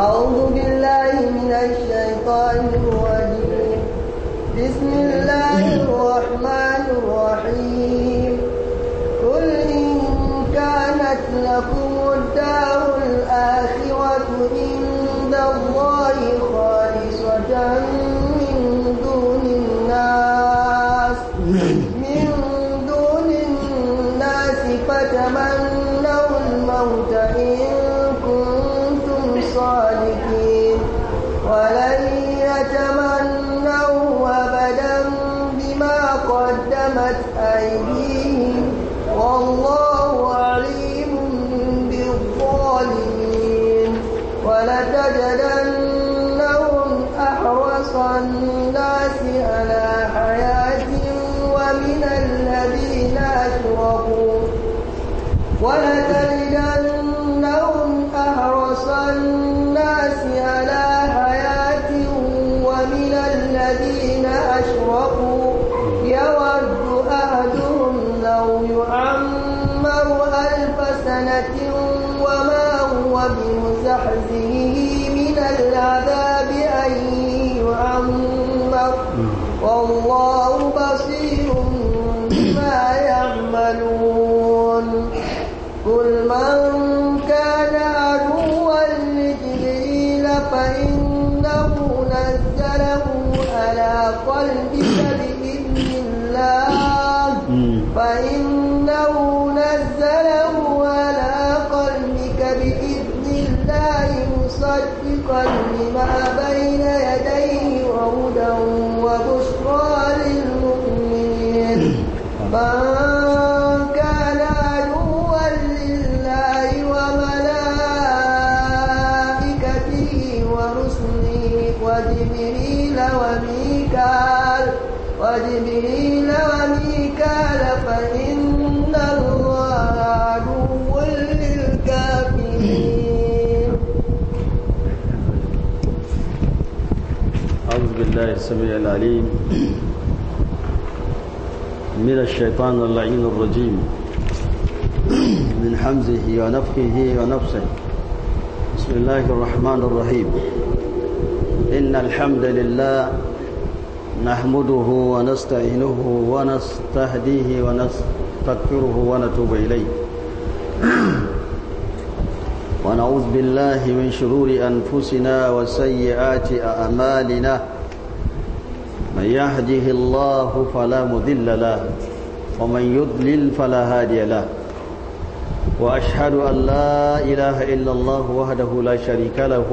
أعوذ بالله من الشيطان الرجيم بسم الله الرحمن الرحيم قل إن كانت لكم ولتجدنهم أحرص الناس القلب بإذن الله فإنه نزله على قلبك بإذن الله مصدقا لما بين يديه وهدى وبشرى للمؤمنين الله السميع العليم من الشيطان اللعين الرجيم من حمزه ونفخه ونفسه بسم الله الرحمن الرحيم إن الحمد لله نحمده ونستعينه ونستهديه ونستغفره ونتوب إليه ونعوذ بالله من شرور أنفسنا وسيئات أعمالنا من يهده الله فلا مذل له ومن يضلل فلا هادي له وأشهد أن لا إله إلا الله وحده لا شريك له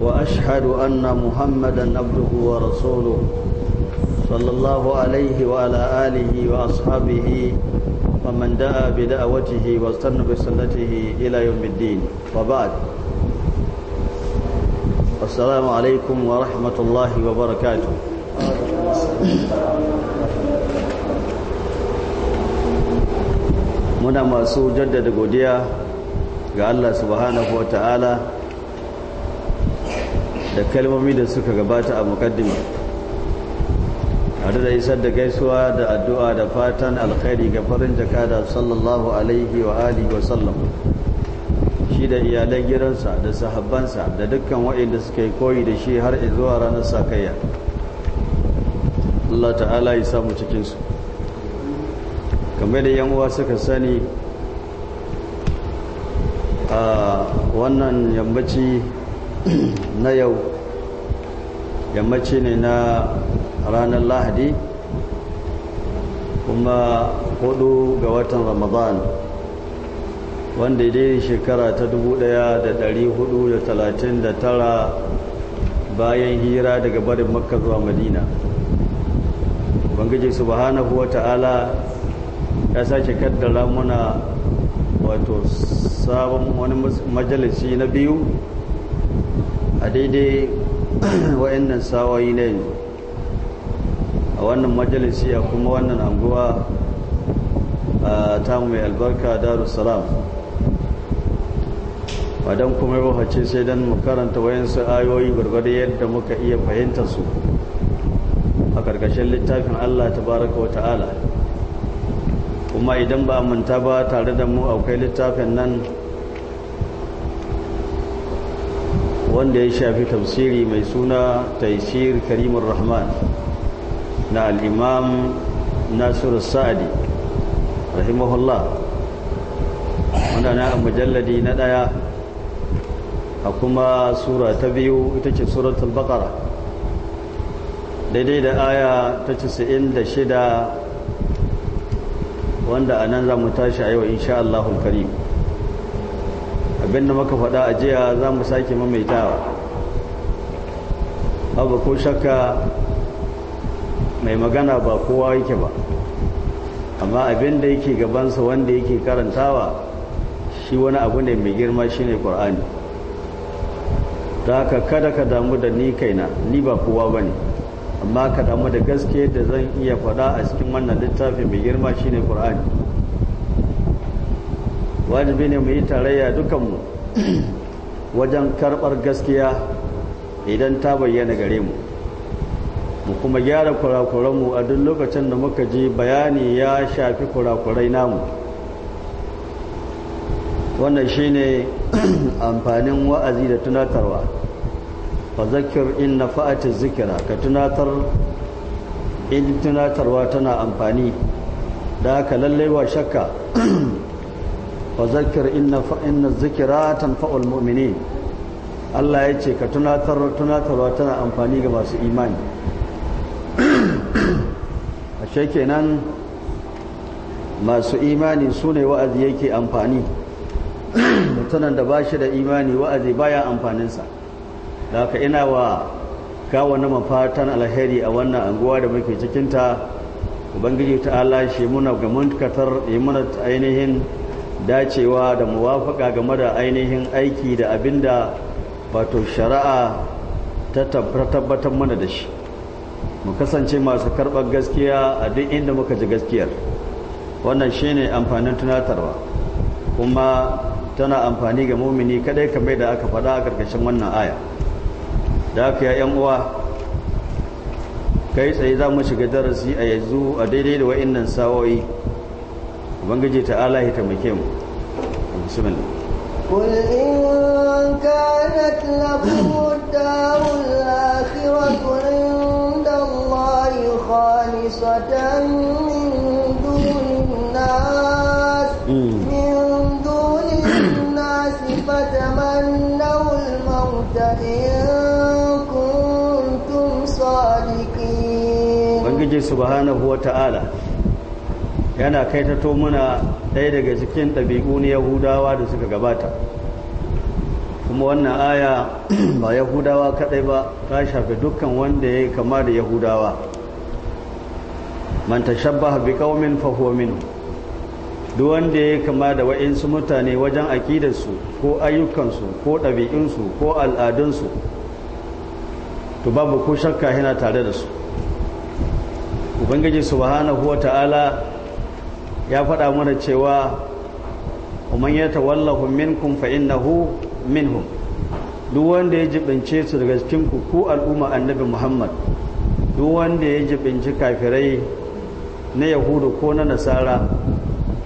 وأشهد أن محمدا عبده ورسوله صلى الله عليه وعلى آله وأصحابه ومن دعا بدعوته واستنى بسنته إلى يوم الدين وبعد السلام عليكم ورحمة الله وبركاته muna masu jaddada godiya ga Allah subhanahu ta'ala da kalmomi da suka gabata a mukaddima da isar da gaisuwa da addu'a da fatan alkhairi ga farin jakada sallallahu alaihi wa alihi wa sallam shi da iyalan gidansa da sahabbansa da dukkan waɗanda suka yi koyi da shi har zuwa ranar sakayya Allah ta'ala ya samu cikinsu kamar da yan uwa suka sani a wannan yammaci na yau yammaci ne na ranar lahadi kuma hudu ga watan ramadan wanda dai shekara ta 1439 bayan hira daga barin makka zuwa madina ubangiji subhanahu wa ta'ala ya sake kaddara muna wato sabon wani majalisi na biyu a daidai wa'annan sawayi ne a wannan majalisi a kuma wannan anguwa a tamu mai albarka darussalam ba don kuma yi ce sai don mu karanta su ayoyi gwargwado yadda muka iya fahimta su karkashin littafin Allah tabaraka wa ta'ala kuma idan ba manta ba tare da mu akwai littafin nan wanda ya shafi tafsiri mai suna taisir karimun rahman na al'imam nasiru sa'adi rahimahullah wanda na a mujalladi na ɗaya a kuma sura ta biyu ita ce suratul baƙara. daidai da aya ta 96 wanda a nan za mu tashi a yau insha Allah karim abinda muka faɗa a jiya za mu sake mamaitawa abu ko shakka mai magana ba kowa yake ba amma abinda yake gabansa wanda yake karantawa shi wani abu ne mai girma shine ƙwar'ani ta haka kada ka damu da ni kaina ni ba kowa ba ne amma ka damu da gaske da zan iya faɗa a cikin wannan littafi mai girma shine Qur'ani wajibi ne mu yi tarayya dukanmu wajen karɓar gaskiya idan ta bayyana gare mu mu kuma gyara kurakuranmu a duk lokacin da muka ji bayani ya shafi kurakurai namu wannan shine amfanin wa'azi da tunatarwa fazakir in na fa'ati zikira ka tunatar in tunatarwa tana amfani da haka lallai wa shakka fazakir in na zikira fa'ul mu'minin Allah ya ce ka tunatar tunatarwa tana amfani ga masu imani ashe nan masu imani su ne wa'azi yake amfani mutanen da ba shi da imani wa'azi baya amfaninsa da aka ina wa kawo na mafatan alheri a wannan anguwa da muke cikinta ubangiji ta Allah shi muna ga munkatar imana ainihin dacewa da muwafaka game da ainihin aiki da abinda wato shari'a ta tabbatar mana da shi mu kasance masu karɓar gaskiya a duk inda muka ji gaskiyar wannan shi ne amfanin tunatarwa kuma tana amfani ga mumini kadai kamar da aka faɗa a ƙarƙashin wannan aya da yan uwa kai tsaye za mu shiga darasi a yanzu a daidai da wa'annan sawoyi ubangiji ta'ala ya taimake mu bismillah قل إن كانت لكم الدار الآخرة عند الله خالصة ubangiji subhanahu wata'ala yana kai ta to muna ɗaya daga cikin ɗabi'u na yahudawa da suka gabata kuma wannan aya ba yahudawa kaɗai ba ta shafi dukkan wanda ya yi kama da yahudawa man tashabbaha bi qaumin fa duk wanda ya kama da wa'insu mutane wajen akidarsu ko ayyukansu ko ɗabi'unsu ko al'adunsu to babu ko shakka yana tare da su ubangiji subhanahu wata'ala ya faɗa mana cewa kuma ya tawallahu minkum fa min minhum duk wanda ya jibince su daga cikin ku al'umma annabi Muhammad duk wanda ya jibinci kafirai na yahudu ko na nasara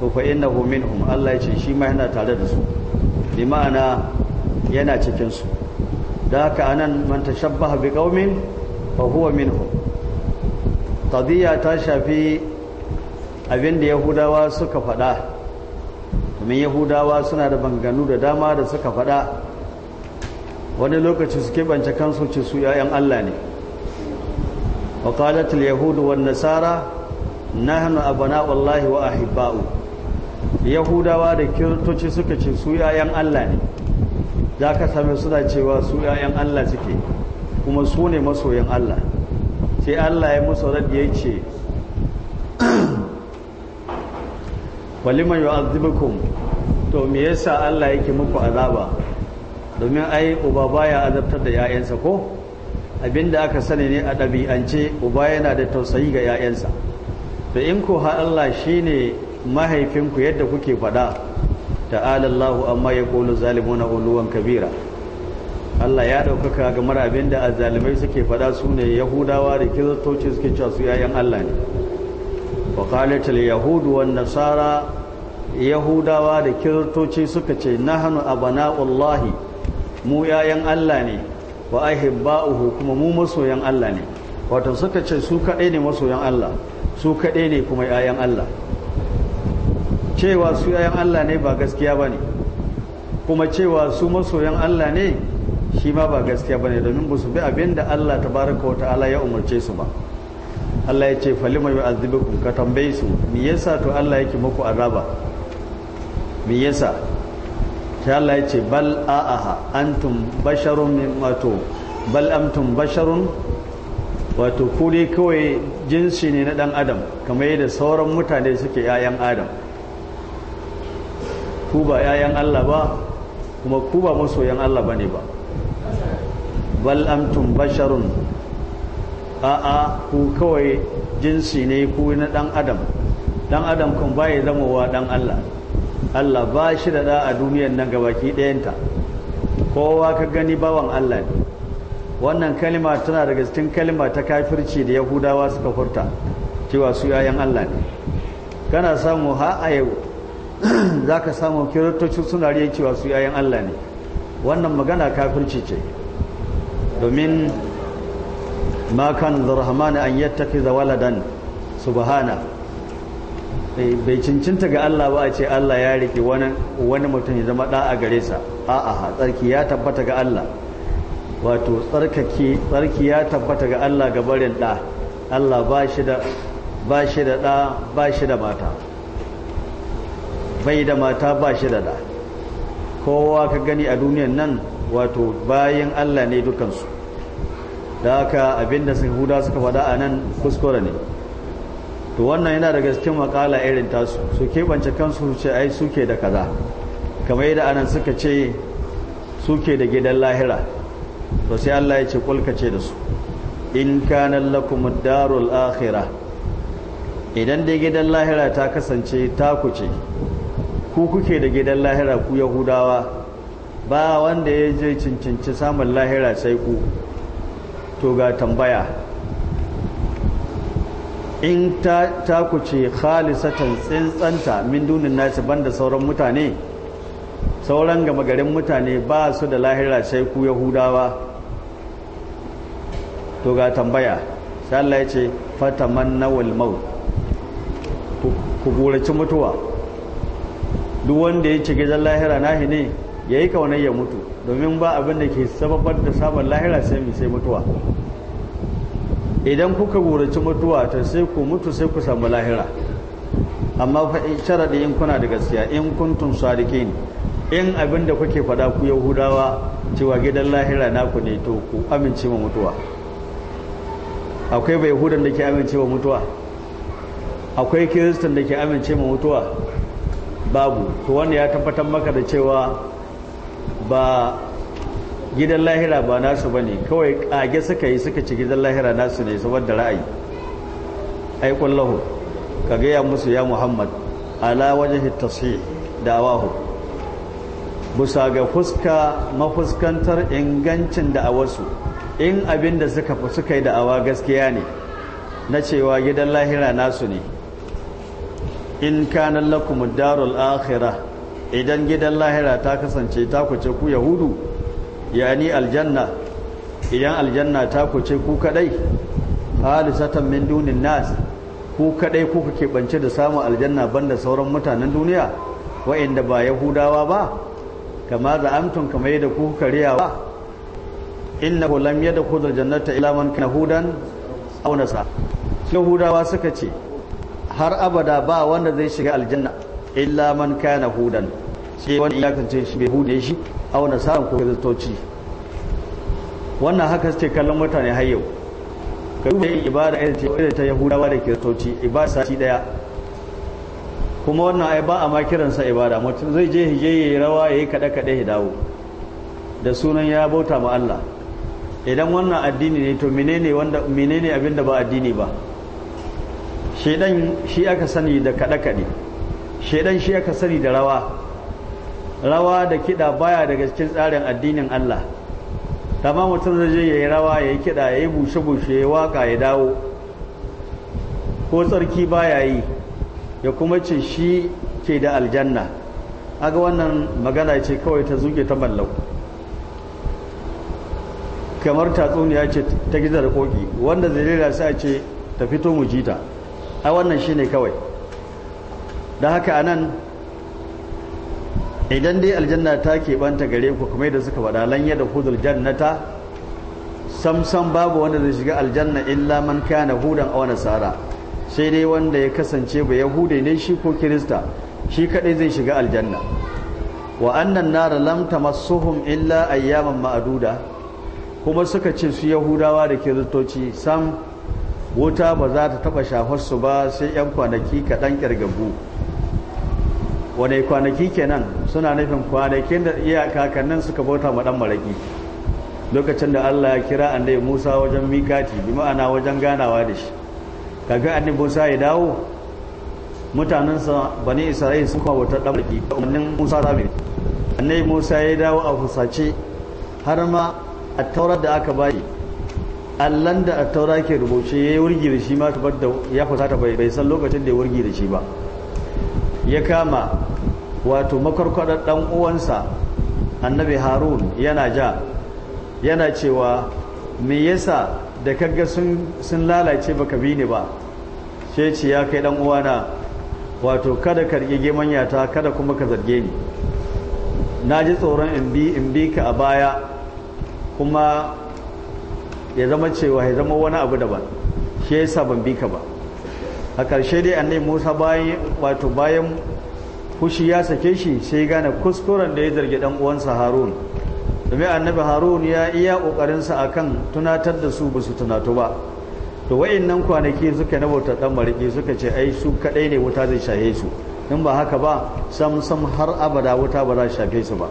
to fa minhum Allah ya ce shi ma yana tare da su bi ma'ana yana cikin su da haka anan man tashabbaha bi qaumin fa huwa minhum qadiyya ta shafi abin da yahudawa suka faɗa domin yahudawa suna da banganu da dama da suka faɗa wani lokaci su keɓance kansu ce su ‘ya'yan Allah ne wa yahudu wa nasara na hannu bana wallahi wa ahibba'u yahudawa da kirtoci suka ce su ‘ya'yan Allah ne za ka same suna cewa su ‘ya'yan Allah suke kuma su ne masoyan Allah sai Allah ya musu rad ya ce walima yu'azzibukum to me yasa Allah yake muku azaba domin ai uba baya azabtar da yayansa ko abinda aka sani ne a ɗabi'ance uba yana da tausayi ga yayansa da in ko ha Allah shine mahaifinku yadda kuke faɗa ta'alallahu amma ya yaqulu zalimuna uluwan kabira Allah ya ɗaukaka ga marabin da azalimai suke faɗa su ne yahudawa da kiristoci suke cewa su yayan Allah ne wa qalatul yahudu wan nasara yahudawa da kiristoci suka ce nahnu abana'ullahi mu yayan Allah ne wa ahibba'uhu kuma mu masoyan Allah ne wato suka ce su kaɗai ne masoyan Allah su kaɗai ne kuma yayan Allah cewa su yayan Allah ne ba gaskiya bane kuma cewa su masoyan Allah ne shi ma ba gaskiya bane domin ba su bi abin da Allah baraka wa ta'ala ya umarce su ba Allah ya ce falima ku ka tambaye su me yasa to Allah yake muku azaba me yasa ta Allah ya ce bal a'aha antum basharun min wato bal amtum basharun wato ku dai kawai jinsi ne na dan adam kamar yadda sauran mutane suke yayan adam ku ba yayan Allah ba kuma ku ba masoyan Allah bane ba, ne ba. bal amtum basharun a'a ku kawai jinsi ne ku na dan adam dan adam kan baya zama wa dan Allah Allah ba shi da da a duniyar nan gabaki ɗayanta kowa ka gani bawan Allah ne wannan kalima tana daga cikin kalima ta kafirci da yahudawa suka furta cewa su yayan Allah ne kana samu ha a yau zaka samu kiristoci suna riya cewa su yayan Allah ne wannan magana kafirci ce domin ma kan zarhamani an yattafi waladan subhana bai cincinta ga Allah ba a ce Allah ya rike wani mutum ya zama ɗa a gare sa a'a tsarki ya tabbata ga Allah wato tsarkake tsarki ya tabbata ga Allah ga barin ɗa Allah ba shi da ba shi da ɗa ba shi da mata bai da mata ba shi da ɗa kowa ka gani a duniyan nan wato bayan Allah ne dukansu da haka abinda sun huda suka fada a nan kuskure ne to wannan yana daga cikin makala irin tasu su keɓance kansu ce ai suke da kaza kamar yadda anan suka ce suke da gidan lahira to sai Allah ya ce kulka ce da su in kana lakum darul akhirah idan dai gidan lahira ta kasance ta kuce ku kuke da gidan lahira ku yahudawa ba wanda ya je cincinci samun lahira sai ku to ga tambaya in ta takuce khalisatan tsintsanta min dunin nasi banda sauran mutane sauran gama garin mutane ba su da lahira sai ku yahudawa to ga tambaya sai Allah ya ce fatamannawal maut ku ci mutuwa duk wanda ya ci gidan lahira nahi ne ya yi ya mutu domin ba abin da ke sababar da sabon lahira sai mai sai mutuwa idan kuka goraci mutuwa ta sai ku mutu sai ku samu lahira amma sharaɗi in kuna da gaskiya in kuntun ne in abin da kuke fada ku yahudawa cewa gidan lahira naku ne to ku amince ma mutuwa akwai bai hudun da ke amince ma mutuwa akwai kiristan da ke amince ma mutuwa babu to wanda ya tabbatar maka da cewa ba gidan lahira ba nasu ba ne kawai kage suka yi suka ci gidan lahira nasu ne saboda ra'ayi aikon lahu ka gaya musu ya muhammad ala wajen tasiri da awahu busa ga fuska mafuskantar ingancin da a wasu in abin da suka fi suka yi da'awa gaskiya ne na cewa gidan lahira nasu ne in kanan lakumu darul akhirah idan gidan lahira ta kasance ta kuce ku yahudu yani aljanna idan aljanna ta kuce ku kadai halisatan min dunin nas ku kadai kuka keɓance da samun aljanna banda sauran mutanen duniya wa'inda ba yahudawa ba kama da amtun kama yadda ku karyawa lamye lam yadkhul aljannata illa man kana hudan aw nasa yahudawa suka ce har abada ba wanda zai shiga aljanna illa man kana hudan sai wani ya kance shi bai hude shi a wani sa'an ko kristoci wannan haka suke kallon mutane har yau ka yi ibada irin ta yahudawa da kiristoci ibada sati daya kuma wannan ai ba a ma kiransa ibada mutum zai je hije yi rawa ya yi kada kada ya dawo da sunan ya bauta ma Allah idan wannan addini ne to menene wanda menene abinda ba addini ba shedan shi aka sani da kada kada shaidan shi aka sani da rawa rawa da kiɗa baya daga cikin tsarin addinin Allah tamam mutum zai je yayi rawa yayi kiɗa yayi bushe bushe yayi waka ya dawo ko tsarki baya yi ya kuma ce shi ke da aljanna aga wannan magana ce kawai ta zuke ta mallau kamar tatsuniya ce ta gizar koki wanda zai rera sai ce ta fito mu jita a wannan shine kawai don haka a nan idan dai aljanna ta keɓanta gare ku kuma yadda suka faɗa lanyar da hudul jannata samsam babu wanda zai shiga aljanna illa man kana hudan wani nasara sai dai wanda ya kasance ba yahude ne shi ko kirista shi kadai zai shiga aljanna wa annan nar lam masuhun illa ayyaman ma'aduda kuma suka ce su yahudawa da kiristoci sam wuta ba za ta taba shafarsu ba sai yan kwanaki kaɗan ƙirgabu wane kwanaki kenan suna nufin kwanakin da iya kakannin suka bauta maɗan dan lokacin da Allah ya kira annabi Musa wajen mikati bi ma'ana wajen ganawa da shi kaga annabi Musa ya dawo mutanansa bani Isra'il sun kawo wata dan maraki umarnin Musa ta mai annabi Musa ya dawo a fusace har ma a taurar da aka bayi allan da a taura ke rubuce ya yi wurgi da shi ma bar da ya fusata bai san lokacin da ya wurgi da shi ba ya kama wato makwarkwadar dan uwansa annabi harun yana ja yana cewa me yasa da kaga sun lalace baka bi ni ba sai ce ya kai dan uwana wato kada ka rige manyata kada kuma ka zarge ni na ji tsoron in bi ka a baya kuma ya zama cewa ya zama wani abu daban shi yasa ban bi ka ba a ƙarshe dai annai musa bayan wato bayan fushi ya sake shi sai gane kuskuren da ya zargi ɗan uwansa harun domin annabi harun ya iya ƙoƙarinsa kan tunatar da su ba su tunato ba to wa'annan kwanaki suka na bautar ɗan mariki suka ce ai su kaɗai ne wuta zai shahe su in ba haka ba sam sam har abada wuta ba za shafe su ba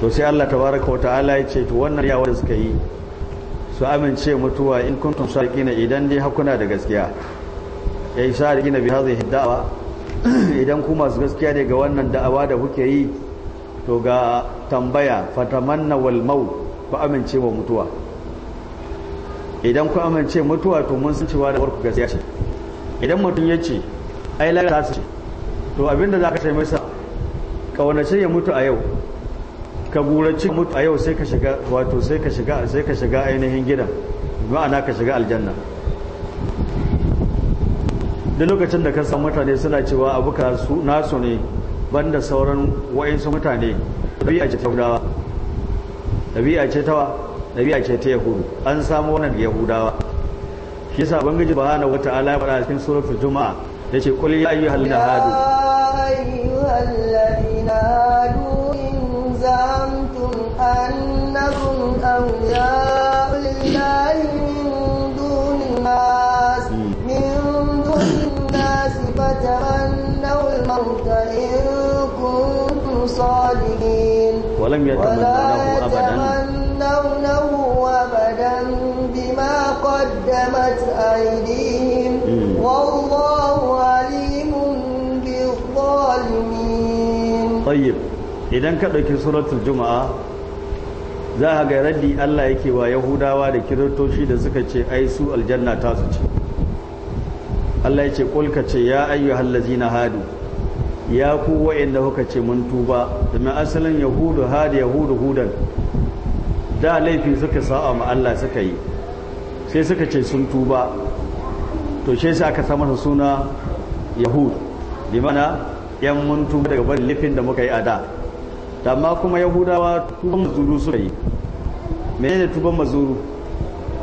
to sai Allah tabaraka wa ta'ala ya ce to wannan yawa da suka yi su amince mutuwa in kuntum sadiqina idan dai hakuna da gaskiya yayi sadiqina bi hadhihi da'wa idan ku masu gaskiya ne ga wannan da'awa da kuke yi to ga tambaya fatamanna wal maut ku amince wa mutuwa idan ku amince mutuwa to mun san cewa da warku gaskiya ce idan mutum ya ce ai lalata ce to abinda za ka sai masa kaunace ya mutu a yau ka buraci mutu a yau sai ka shiga wato sai ka shiga sai ka shiga ainihin gidan ma'ana ka shiga aljanna da lokacin da ka san mutane suna cewa abu ka su nasu ne banda sauran wa'insu mutane ɗabi'a ce ta yahudawa ɗabi'a ce tawa ɗabi'a ce ta yahudu an samu wannan da yahudawa shi bangaji ba hana wata ala ya faɗa cikin suratul juma'a ce qul ya ayyuhal hadu أنكم أولياء لله من دون الناس من دون الناس فتمنوا الموت إن كنتم صادقين ولم يتمنوه أبدا يتمنونه أبدا بما قدمت أيديهم والله عليم بالظالمين طيب إذا كدك سورة الجمعة za a ga raddi Allah yake wa yahudawa da kiristoci da suka ce ai su aljanna ta su ce Allah ya ce kulka ce ya ayyuhal na hadu ya ku wa'anda kuka ce mun tuba domin asalin yahudu hadu yahudu hudan da laifi suka sa'a ma Allah suka yi sai suka ce sun tuba to shi sai aka samar da suna yahud bi mana yan mun tuba daga bar lifin da muka yi a da to amma kuma yahudawa tuban mazuru suka yi ne tuban mazuru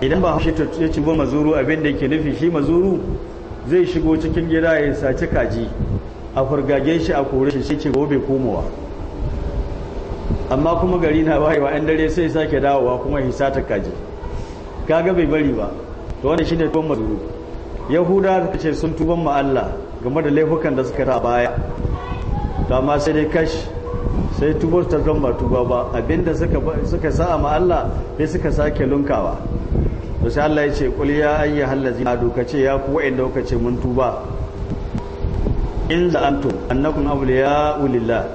idan ba haushe ta ce tuban mazuru abin da yake nufi shi mazuru zai shigo cikin gida ya saci kaji a furgage shi a kore shi sai ce gobe komowa amma kuma gari na wayewa yan dare sai sake dawowa kuma hisa ta kaji kaga bai bari ba to wannan shine tuban mazuru yahuda ta ce sun tuban ma Allah game da laifukan da suka ta baya to amma sai dai kashi sai tubo ta zama tuba ba abinda suka sa a Allah sai suka sake lunkawa to sai Allah ya ce qul ya ayyuhal doka ce ya ku inda kuka ce mun tuba in da abu annakum awliya'u lillah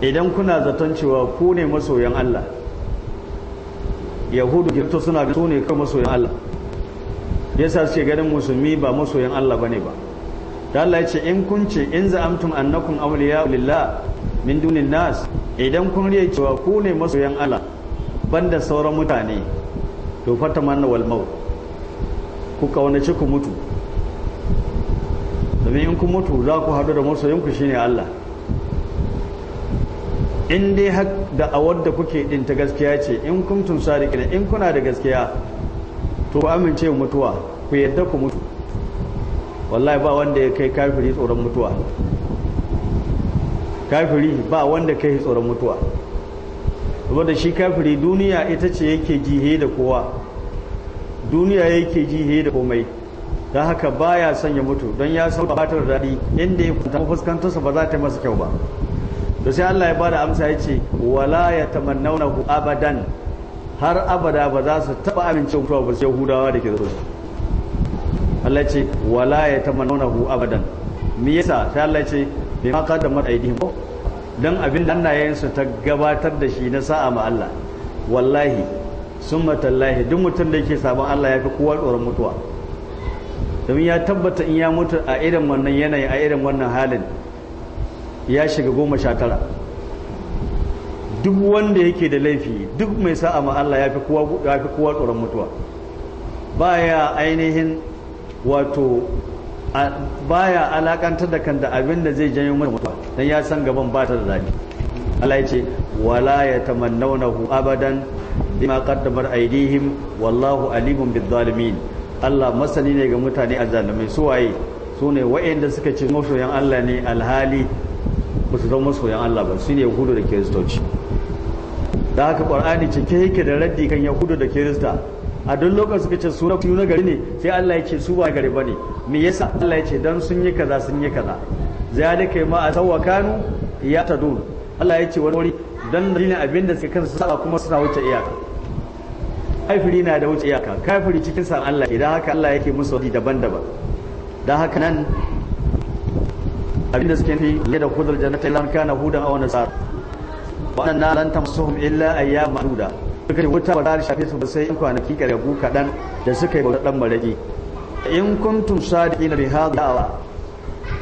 idan kuna zaton cewa ku ne masoyan Allah yahudu kirto suna ga su ne kuma masoyan Allah yasa suke ganin musulmi ba masoyan Allah bane ba, ne ba. da Allah ya ce in kun ce in za'amtum annakum awliya lillah min dunin nas idan kun riya cewa ku ne masoyan Allah banda sauran mutane to manna wal maut ku kaunaci ku mutu domin in kun mutu za ku haɗu da ku shine Allah in dai har da awar da kuke din ta gaskiya ce in kuntum sadiqina in kuna da gaskiya to ku amince mutuwa ku yadda ku mutu wallahi ba wanda ya kai kafiri tsoron mutuwa kafiri ba wanda kai tsoron mutuwa saboda shi kafiri duniya ita ce yake jihe da kowa duniya yake jihe da komai don haka ba son ya mutu don ya san batar daɗi inda ya kuta fuskantarsa ba za ta masa kyau ba da sai Allah ya ba da amsa ya ce wala ya tamannauna abadan har abada ba za su taɓa mutuwa ba sai Yahudawa da ke zuwa Allah ce wala ya ta hu abadan me yasa sai Allah ce bi ma qaddamat ko dan abin da hannayen su ta gabatar da shi na sa'a ma Allah wallahi summa tallahi duk mutum da yake sabon Allah ya fi kowa tsoron mutuwa domin ya tabbata in ya mutu a irin wannan yanayi a irin wannan halin ya shiga goma sha tara duk wanda yake da laifi duk mai sa'a ma Allah ya fi kowa tsoron mutuwa baya ainihin wato baya alakantar da kanta abin da zai janyo mata mutuwa don ya san gaban ba ta da dadi Allah ya ce wala ya hu abadan bima kaddamar aidihim. wallahu alimun bizzalimin Allah masani ne ga mutane azzalumai su waye su ne waɗanda suka ci masoyan Allah ne alhali ba su zama masoyan Allah ba su ne yahudu da kiristoci da haka ƙwar'ani cike yake da raddi kan yahudu da kirista a don lokacin suka ce suna na gari ne sai Allah ya ce su ba gari bane me yasa Allah ya ce dan sun yi kaza sun yi kaza zalika ma tsawon kanu ya tadun Allah ya ce wani wuri dan dalilin da suka kansu saba kuma suna wuce iyaka kafiri na da wuce iyaka kafiri cikin san Allah ke dan haka Allah yake musu wadi daban-daban dan haka nan abin da suke yi ne da hudul jannati lan kana hudan a wani wa anna lan tamsuhum illa ayyama duda. suka wuta ba za shafe su ba sai in kwanaki karyagu kaɗan da suka yi bautar ɗan maraƙi in kuntum sadiqina bi hadawa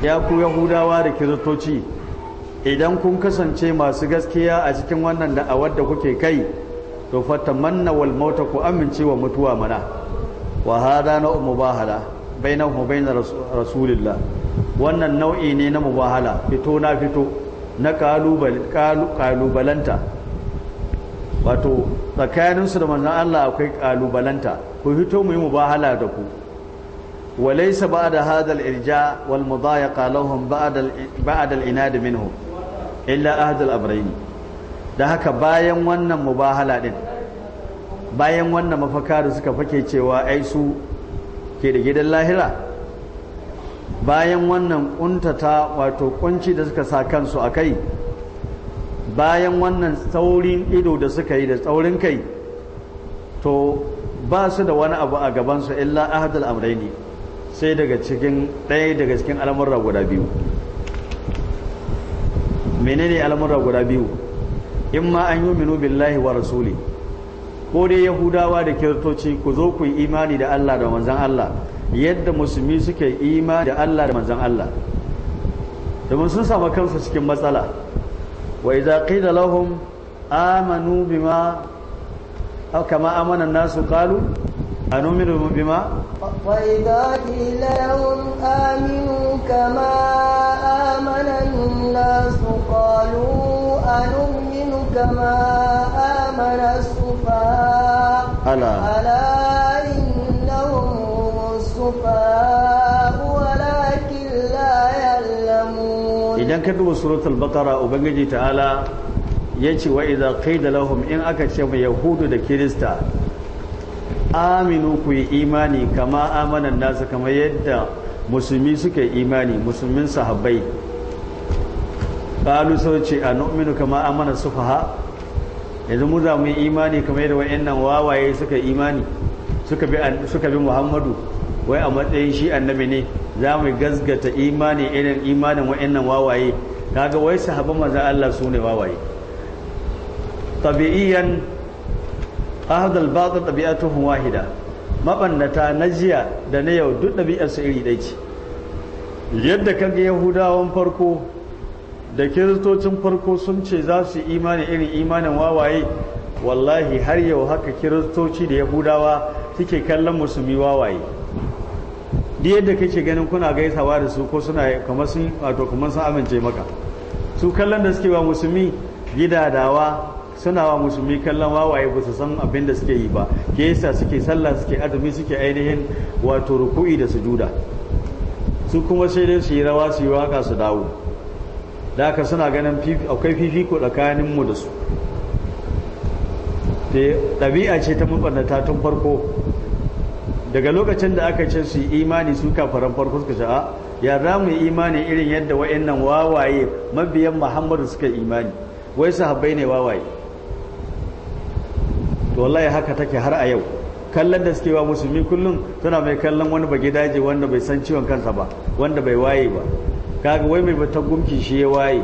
ya ku yahudawa da kiristoci idan kun kasance masu gaskiya a cikin wannan da'awar da kuke kai to fatamanna wal mauta ku amince wa mutuwa mana wa hada na mubahala bainahu bain rasulillah wannan nau'i ne na mubahala fito na fito na kalubalanta wato tsakaninsu da manzan Allah akwai kalubalanta ku hito mu yi mubahala da ku walaisa ba da hadal irja wal mudayaqa lahum ba'da ina da inad minhum illa ahd al da haka bayan wannan mubahala din bayan wannan mafaka da suka fake cewa ai su ke da gidan lahira bayan wannan kuntata wato kunci da suka sa kansu akai bayan wannan saurin ido da suka yi da saurin kai to ba su da wani abu a gabansu illa ahadul amraini sai daga cikin ɗaya daga cikin al'amurra guda biyu menene al'amurra guda biyu in ma an yi billahi wa rasuli ko dai yahudawa da kiritoci ku zo ku yi imani da Allah da manzan Allah yadda musulmi suke imani da Allah da manzan Allah domin sun samu kansu cikin matsala wa idza qila lahum amanu bima aw kama amana an-nasu qalu anu'minu bima wa idza qila lahum aminu kama amana an-nasu qalu anu'minu kama amana as ala ala idan ka duba suratul baqara ubangiji ta'ala yace wa idza qila lahum in aka ce mai yahudu da kirista aminu ku yi imani kama amanan nasu kama yadda musulmi suka yi imani musulmin sahabbai qalu sau ce a nu'minu kama amana sufaha yanzu mu za mu yi imani kama yadda wa'annan wawaye suka imani suka bi suka bi muhammadu wai a matsayin shi annabi ne za mu gazgata imani irin imanin wa'annan wawaye kaga wai haɓa maza Allah su ne wawaye tabi'iyan ahadul batil tabi'atuhum wahida mabannata na jiya da na yau duk ɗabi'arsu iri ɗaya ce yadda kaga yahudawan farko da kiristocin farko sun ce za su imani irin imanin wawaye wallahi har yau haka kiristoci da yahudawa suke kallon musulmi wawaye duk yadda kake ganin kuna gaisawa da su ko suna kamar sun wato kamar sun amince maka su kallon da suke wa musulmi gidadawa suna wa musulmi kallon wawaye ba su san abin da suke yi ba ke yasa suke sallah suke azumi suke ainihin wato ruku'i da sujuda su kuma sai dai su yi rawa su yi waka su dawo da haka suna ganin akwai fifiko tsakanin mu da su ɗabi'a ce ta mabannata tun farko daga lokacin da aka ce su imani su kafaran farko suka ce a ya za mu yi imani irin yadda wa'annan wawaye mabiyan muhammadu suka imani wai sahabbai ne wawaye to wallahi haka take har a yau kallon da suke wa musulmi kullum tana mai kallon wani bage daji wanda bai san ciwon kansa ba wanda bai waye ba kaga wai mai bata gumki shi ya waye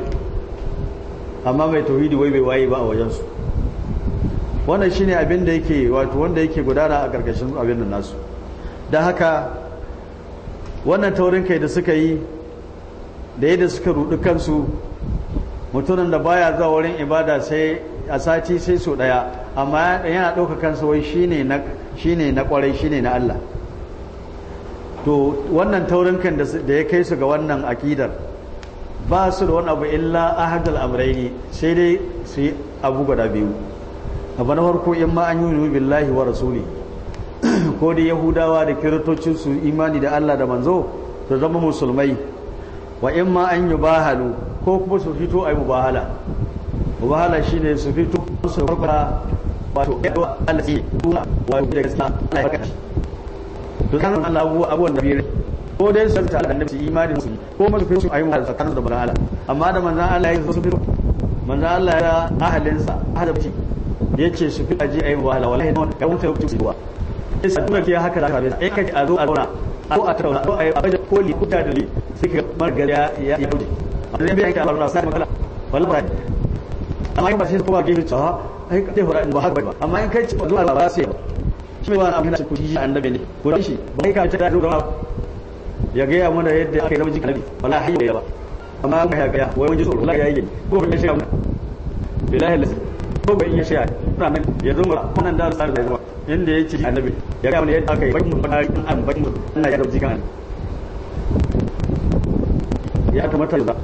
amma mai tauhidi wai bai waye ba a wajen su. wannan shine abin da yake wato wanda yake gudana a karkashin abin da nasu da haka wannan taurin kai da suka yi da yadda suka rudu kansu mutumin da baya zuwa wurin ibada sai a sati sai so daya amma yana ɗauka kansu wai shine na na kwarai shine na Allah to wannan taurin kan da ya kai su ga wannan akidar ba su da wani abu illa ahadul amraini sai dai su yi abu guda biyu abu na farko in ma an yi billahi wa rasuli ko da yahudawa da kiratocin su imani da Allah da manzo to zama musulmai wa in ma an bahalu ko kuma su fito ayi mubahala mubahala shine su fito su farfara wato yawa Allah sai wa wato da gaskiya Allah ya baka to kan Allah abu abuwan da biyar ko dai su ta da nabi imani su ko ma su fito ayi mubahala tsakanin da mubahala amma da manzon Allah ya su fito manzon Allah ya ahalinsa ahadabi yace su fita je ayi mubahala wallahi ya wuce wuce isa kuma fiye haka da haka a zo a zauna a zo a tattauna a a koli kuta da sai ya zai magana wala ba amma in ba sai kuma gefe ai kai in ba haka ba amma in kai zuwa ba sai ba shi mai wani annabi ne ko shi ba kai ka ta Ba ya ga ya mana yadda aka yi namiji wala hayya ya ba amma mun ya ga wai mun tsoro la ya yi ko ba shi bilahi ko ba iya shi ya nan ya zo mu nan da su da inda ya ce annabi ya ga mana yadda aka yi bakin mu fara an bakin mu ya rabji kan ya kamata ya za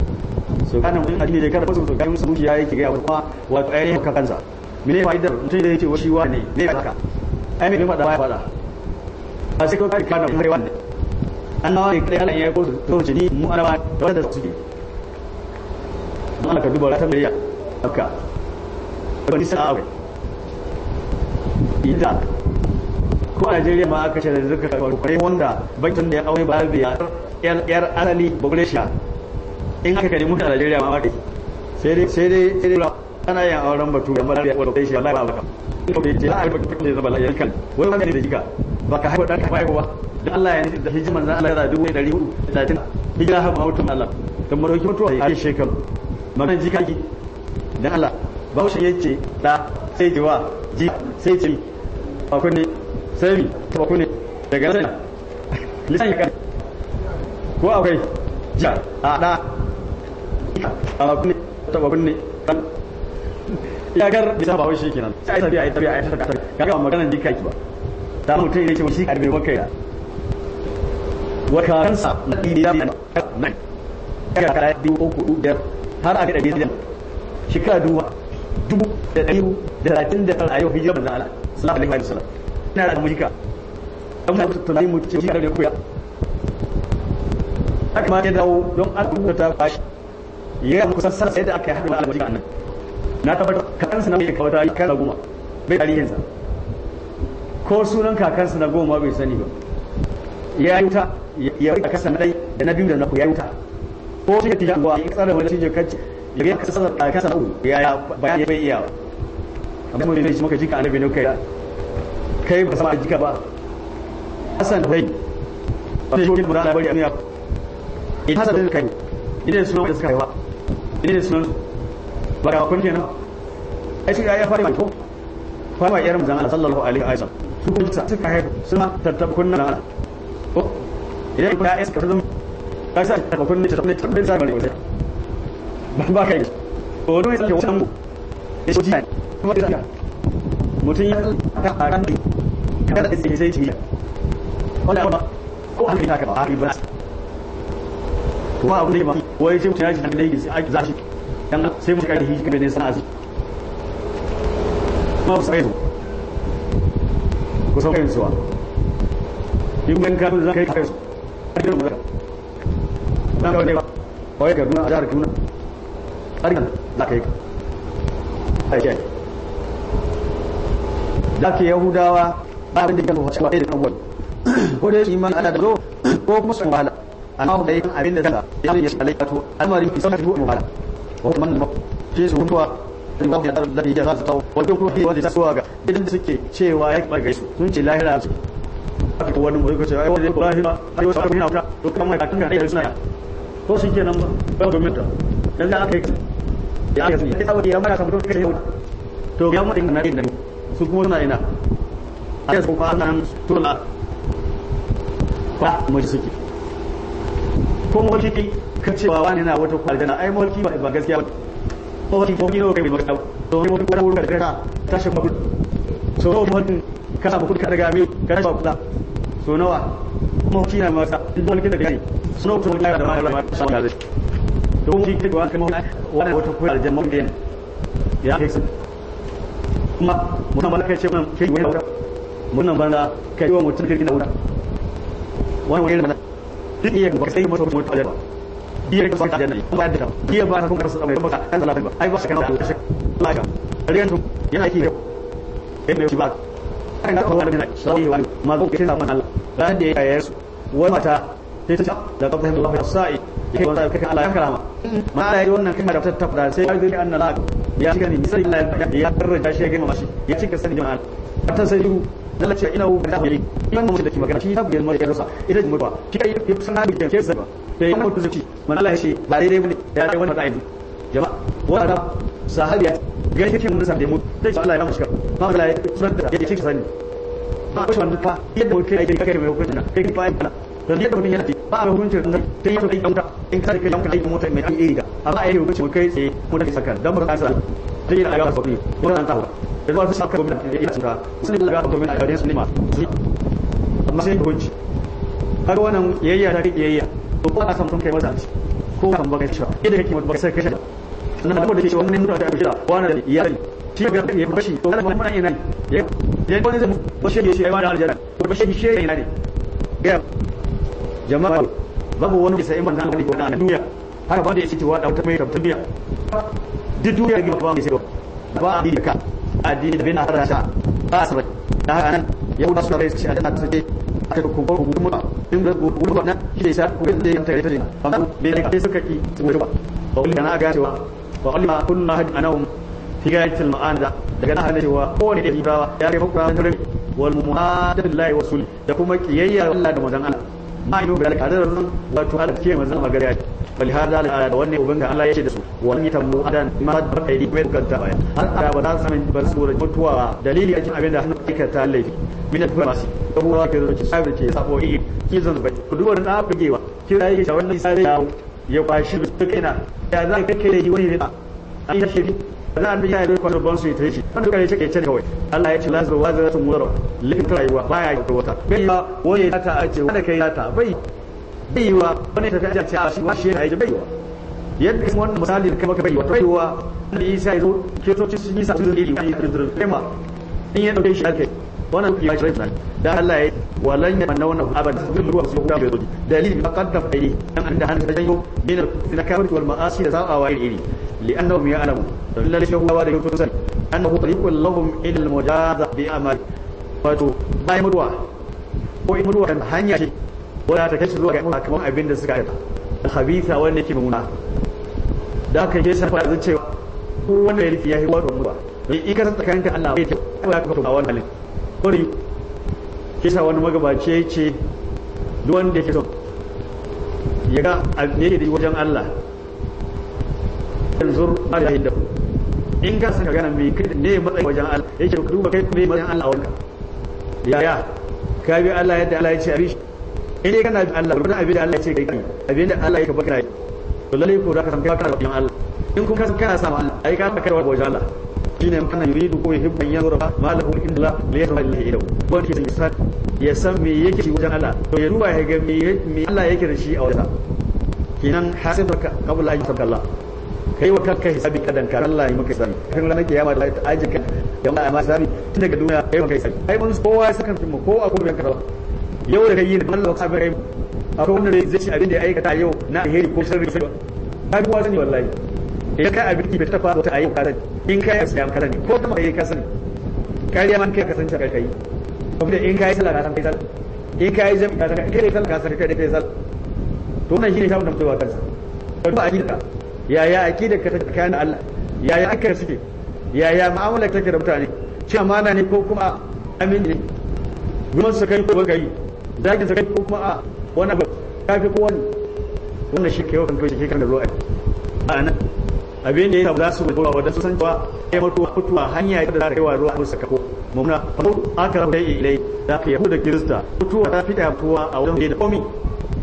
so kana mun addini da kada so kai musu yake ga wani wato ayyukan ka kansa mene fa'idar mutum da yake wa shi wane ne ka ai me fada ba fada a sai ko kai kana mun rewan annawa ne kai ya ko ni mu da wanda suke Allah ka duba ta mai ya haka ba ni a ita ko a Najeriya ma aka ce da zuka kwarai wanda bankin da ya aure ba biya yar asali bogresha in aka kari mutane a Najeriya ma aka sai dai sai dai sai dai ana yin auren batu da mara yawon kai shi Allah baka ko bai ce za a yi baka ne zama lafiya kan wani wani da jika ka haifar ɗan ka haihu da Allah ya nufi da hijiman za a ya dubu da ɗari hudu da talatin hijira haɓa hutun Allah da marauki mutuwa ya yi shekaru magana jika ki dan Allah bahaushe ya ce da sai ji wa ji sai ce baku sai mi ta baku daga nan lisan ya ko akwai ja a da a baku ne ta baku ne kan iyakar bisa bahaushe kenan sai tafiya ai tafiya ai tafiya ga ba maganan dika ki ba ta mutum ne ce shi karbe bakai da wakaransa na ɗiya nan kaga kara biyu uku biyar har a ga shi shekara duwa dubu da ɗari da talatin da tara a yau hijirar manzan Allah sallallahu alaihi wa sallam ina da mujika dan mu tunanin mu ce da koya haka ma ya dawo don an rubuta ta bashi ya mu kusan sarsa yadda aka yi haɗin alwaji nan na tabbatar kakansa na mai kawata yi kan goma bai tarihinsa ko sunan kakansa na goma bai sani ba ya yi wuta ya yi kakansa na ɗai da na biyu da na ku ya yi wuta ko shi ya tijan gwa ya ce wani cijin kacce daga ka sanar da ka sanar ya ya bayani bai iya amma mun ne muka jika annabi ne kai kai ba sama jika ba hasan dai sai shi mura da bari amiya idan hasan da kai idan sunan da suka yi wa idan sunan ba ga kun kenan ai shi ya fara ko fama yar manzon Allah sallallahu alaihi wa sallam su kun ta suka haihu suna tattabkun nan idan ka iska zama ka sa tattabkun ne tattabkun ne ta ne ba kai ko don sai wannan mu ya shi kuma da mutum ya ta a ran kada sai sai ci wala ba ko an ta ka ba ari ba to abu ne ba wai sai mutum ya ji da dai sai a zashi dan sai mutum ka da hiji kan ne sana'a ma sai zo ku sauka suwa in ban kafin za ka kai ka su a jirgin mu ne ba wai kaduna a jihar kaduna har yanzu za ka yi aiki da ke yahudawa ba abin da ke nufashe wa ɗaya da kan ko da shi ma ana da zo ko kuma sun wahala amma da yi abin da zaka ya yi shi alaikatu al'amarin fi sanar ruwan wahala wa kuma nan fi su mutuwa in ba ku da ya za su tawo wanda kuma fi wanda suwa ga idan suke cewa ya kibar gaisu sun ce lahira su aka ko wani mulki cewa wani lahira ai wasu kuma yana kuma to kuma mai katin ga ne suna to shi kenan ba ba gwamnati dan da aka yi ya aka yi saboda ya mara kan mutum kai to ga mu din na din su kuma suna ina a yanzu kuma suna nan turla ba mu ji suke ko mu kike ka cewa wani na wata kwaljana ai mulki ba ba gaskiya ko ki ko ki no kai ba to mu ko da wurin da ta shi ba so ko mun ka sa kuɗi ka daga mi ka rashin kuɗa so nawa mu kina masa dole kin da gani so ko mun da ma da ma don shi kai wani wani wata koyar aljanna mai ya kai su kuma mutum bala kai ce wannan kai wani wuta mutum bala kai wa mutum kirkin wuta wani wani duk iya ba sai mutum mutum ka aljanna ba ka kuma kan ba ai ba ba yana mai ba kan ka kawo wani ma Allah da ya yi su wani mata ta da yake wanda kakan Allah ya karama ma Allah ya yi wannan kalma da ta tafada sai ya rubuta annan Allah ya cika ni sai Allah ya daraja shi ya girma shi ya cika sani jama'a ta sai duhu dalla ce ina wuka da yali in mun da ki magana shi tabbiyar mu da rusa ita ki kai ki da ke zaba bai kuma ku zuci man Allah ya ce ba daidai bane ya dai wannan ra'ayi jama'a wanda sahabiya ga yake mun san da mu sai Allah ya mushka ma Allah ya tsara yake sani ba shi wanda yadda kai kai kai mai hukunta kai yanzu yadda mutum yana ce ba a hukuncin nan ta yi aiki yanka in ka kai yanka aikin mota mai an iya amma a yi hukuncin kai tsaye ko da saka dan ba ka da yana ayawa sabbi ko nan tawo da zuwa sai ka gwamnati da ina sunka sun da ga gwamnati da su ne amma sai hukunci kaga wannan yayya ta yayya to ko a san sun kai mata ko kan baka cewa idan kake mata sai kai shi nan da kake cewa wannan nuna da kake da iyali shi ga ya bashi to wannan mun yana ya ya wani zai bashi shi ya wani aljanna ko bashi shi ya yana ne ga jama'a babu wani sai imanin da ko nan duniya haka ba da yake cewa da mai kaftan biya duk duniya ga ba mai sai ba a dinka a dinka da bin harasha ba sabai da haka nan yau da sunan shi da ta ce aka ku ku mu ba din da ku mu na shi da sai ku da ta ta tare amma bai da kai suka ki su ba ba wani kana ga cewa ba wani ma kullu hadi anawum fi gayatil ma'anda daga nan halin cewa kowane da ribawa ya ga ku da wal muhadallahi wasul da kuma kiyayya Allah da manzon Allah ma yi bil qadarin wato ala ke manzon magariya bal bali har da wannan Allah da su wannan yi da kai bai ganta har da ba za su min ba su mutuwa dalili akin abin da hannu kika ta laifi min da su kuma ke sabo yi ki zan bai ku duba na bugewa ki ya ya kwashi za ka da wani ne a an za a bi ya yi kwan da bonsu ta shi wanda kare shake ce kawai Allah ya ce la zuwa za ta mudara lafin ta rayuwa baya yi wata bai ya waye ta a ce wanda kai ta bai bai wa wani ta ta ce a shi washe ta yi bai wa yadda kuma wannan misali kai maka bai wa bai wa da isa ya zo ke to ci sun yi sa su da iri kai ma in ya dauke shi alkai wannan ya shi rai da Allah ya walan ya manna wannan aban zai ruwa su da dalil ma qaddam ayi dan anda han da yau min na kafir wal ma'asi da sa'a wa iri li'annahum ya'lamu illa shahuwa da yutun sai annahu tariqul lahum ila al mujaza bi amali wato bayan mutuwa ko in mutuwa dan hanya ce wala ta kai zuwa ga kamar abin da suka yi khabitha wanda yake muna da aka yi safa da cewa ko wanda ya rufi ya wato ka san tsakanin Allah bai ta ba ka wannan kuri kisa wani magabaci ya ce duk wanda ke so ya ga abin da wajen Allah yanzu ba da yi yadda in ga sun ka gana mai kai ne matsayi wajen Allah ya yake ka duba kai mai matsayin Allah a wanka yaya ka bi Allah yadda Allah ya ce abin shi in dai kana bi Allah wani abin da Allah ya ce kai kai abin da Allah ya ka baka to lalai ko za ka san kai kana wajen Allah in kuma ka san kana sama Allah ai ka baka wajen Allah shine kana yuridu ko yuhibbu an yanzura ma lahu inda la la yanzura ilayhi ido ke yake san ya san me yake shi wajen Allah to ya duba ya ga me Allah yake da shi a wajen kinan hasibaka qabla an kai wa kanka hisabi kadan ka Allah ya maka hisabi kan ke yama da ta aji kan ya ma amma tun daga duniya kai maka ai mun kowa ya saka ko a kaza yau da kai Allah ka bare akwai wanda zai ci abin da ya aikata yau na alheri ko sirri sai ba ba sani wallahi idan ka abinci bai tafa wata ayi ka sani in kai asiya ka sani ko kuma kai ka sani kariya man kai ka sani ka kai kuma in kai sallah ka san kai sallah in kai jam ka san kai sal. ka san kai kai sal. to wannan shine shawun da mutum ba kansa ka duba aqida ya ya aqida ka ta kayan Allah ya ya akar suke ya ya mu'amala take da mutane ci amana ne ko kuma amin ne gumin sa kai ko kai zagin sa kai ko kuma a wani abu kafi ko wani wannan shi ke yau kan kai shi kan da ruwa a abin da ya za su gura wadda su san cewa ya mutu mutuwa hanya da za ta kaiwa ruwa musa kako mumuna mutu aka rabu da ilai da ka da kirista mutuwa ta fita mutuwa a wajen da komi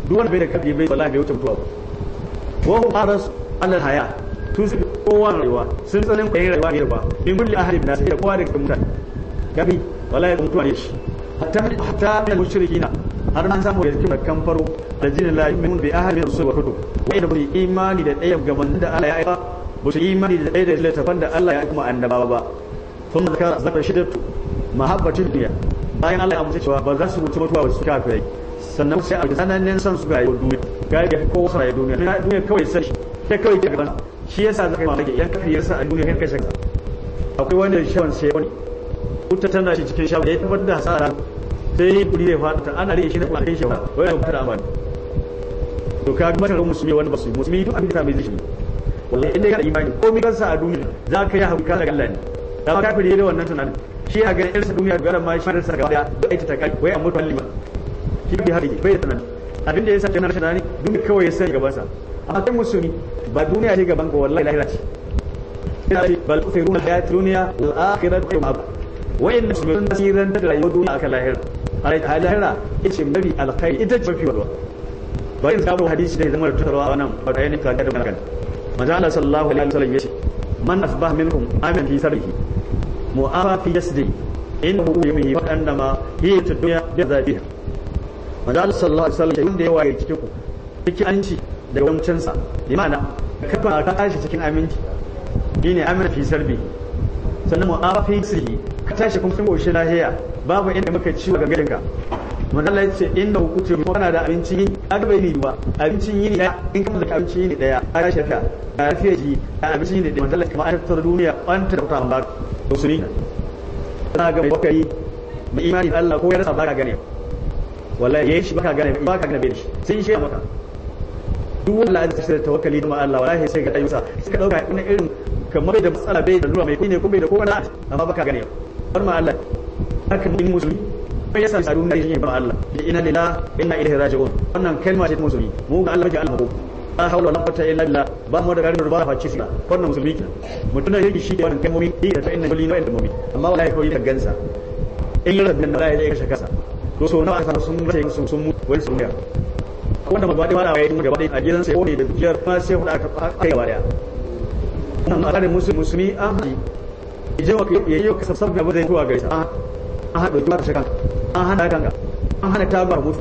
duk wanda bai da kafi bai wallahi bai wuce mutuwa ba wa hum aras alal haya su su kowa rayuwa sun tsanin kwayin ne ba in kulli da kowa daga mutane gabi wallahi mutuwa ne shi hatta hatta min har an samu da cikin kamfaro da jinin la yu'minu bi ahadin rasul wa kutub wa idan imani da ɗayan gaban da Allah ya aika ba su mani da ɗaya da littafan da Allah ya kuma annaba ba sun zaka zaka tu. mahabbatin duniya bayan Allah ya amince cewa ba za su mutu mutuwa ba su yi sannan sai a tsananin san su ga yau duniya ga ya ko wasa ya duniya na duniya kawai sai shi ta kawai ke gaban shi yasa zaka yi mamaki yan kafiyar sa a duniya kan kashe akwai wani shawan sai wani wuta tana shi cikin shawan ya tabbatar da hasara sai buri zai fata ana rike shi na kuma kai shawan wai ya mutu da amani to kaga matarin musulmi wani basu musulmi duk abin da mai zai wallahi inda ka imani ko mi kansa a duniya za ka yi hakuri daga Allah ne da ba kafiri da wannan tunanin shi a ganin irsa duniya garan ma shi irsa da ba ita ta kai wai a mutu halima shi bi hari bai tunanin abin da yasa tunanin tunanin duniya kawai ya sani gaban sa amma kai musulmi ba duniya ce gaban ka wallahi lahira ce bal tusiruna hayat dunya wal akhiratu khairum wa inna sun tasiran da rayuwar duniya akan lahira alai lahira a mafi alkhairi ita ce mafi walwa bayan samu hadisi da zama da tutarwa a wannan ba ta yi ne ka da magana manzala sallallahu alaihi wasallam yace man asbah minkum amin fi sarhi mu'afa fi jasdi innahu yi wa annama hiya dunya bi zabiha manzala sallallahu alaihi wasallam inda yawa yake ku an anci da yawancin sa limana kafa ka tashi cikin aminci shine amin fi sarbi sannan mu'afa fi jasdi ka tashi kun kuma shi lahiya babu inda muka ciwo ga garinka manzala yace ku kutu kana da abinci an bai yi ba abincin yini daya in kama zaka abincin yini daya a ya shirka a lafiya ji a abincin yini daya manzala kama an tattara duniya an ta dauta ba to su ne na ga mai bakari mai imani da Allah ko ya rasa baka gane wallahi yi shi baka gane baka gane shi sun shi maka duk wanda an tsira tawakkali da Allah wallahi sai ga dayusa suka dauka ina irin kamar da matsala bai da lura mai A ko bai da kowa amma baka gane wannan Allah haka musulmi fa yasan sarun da yake ba Allah inna lillahi inna ilaihi raji'un wannan kalma ce musulmi mu ga Allah ya Allah ko la haula wala quwwata illa billah ba mu da garin ba fa ci wannan musulmi ke mutum da yake shi ke wannan kalmomi da inna lillahi inna mu'min amma wallahi ko da gansa in rabbin da ya kashe kasa to so nawa san sun race sun sun wani sun ya wanda gaba dai wani ayi gaba dai a gidan sai ko ne da biyar ma sai hudu aka kai gaba daya nan a tsarin musulmi an haji je wa ya yi zai zuwa gaisa an haɗa doki da kanka an hana ganga an hana ta ba mutu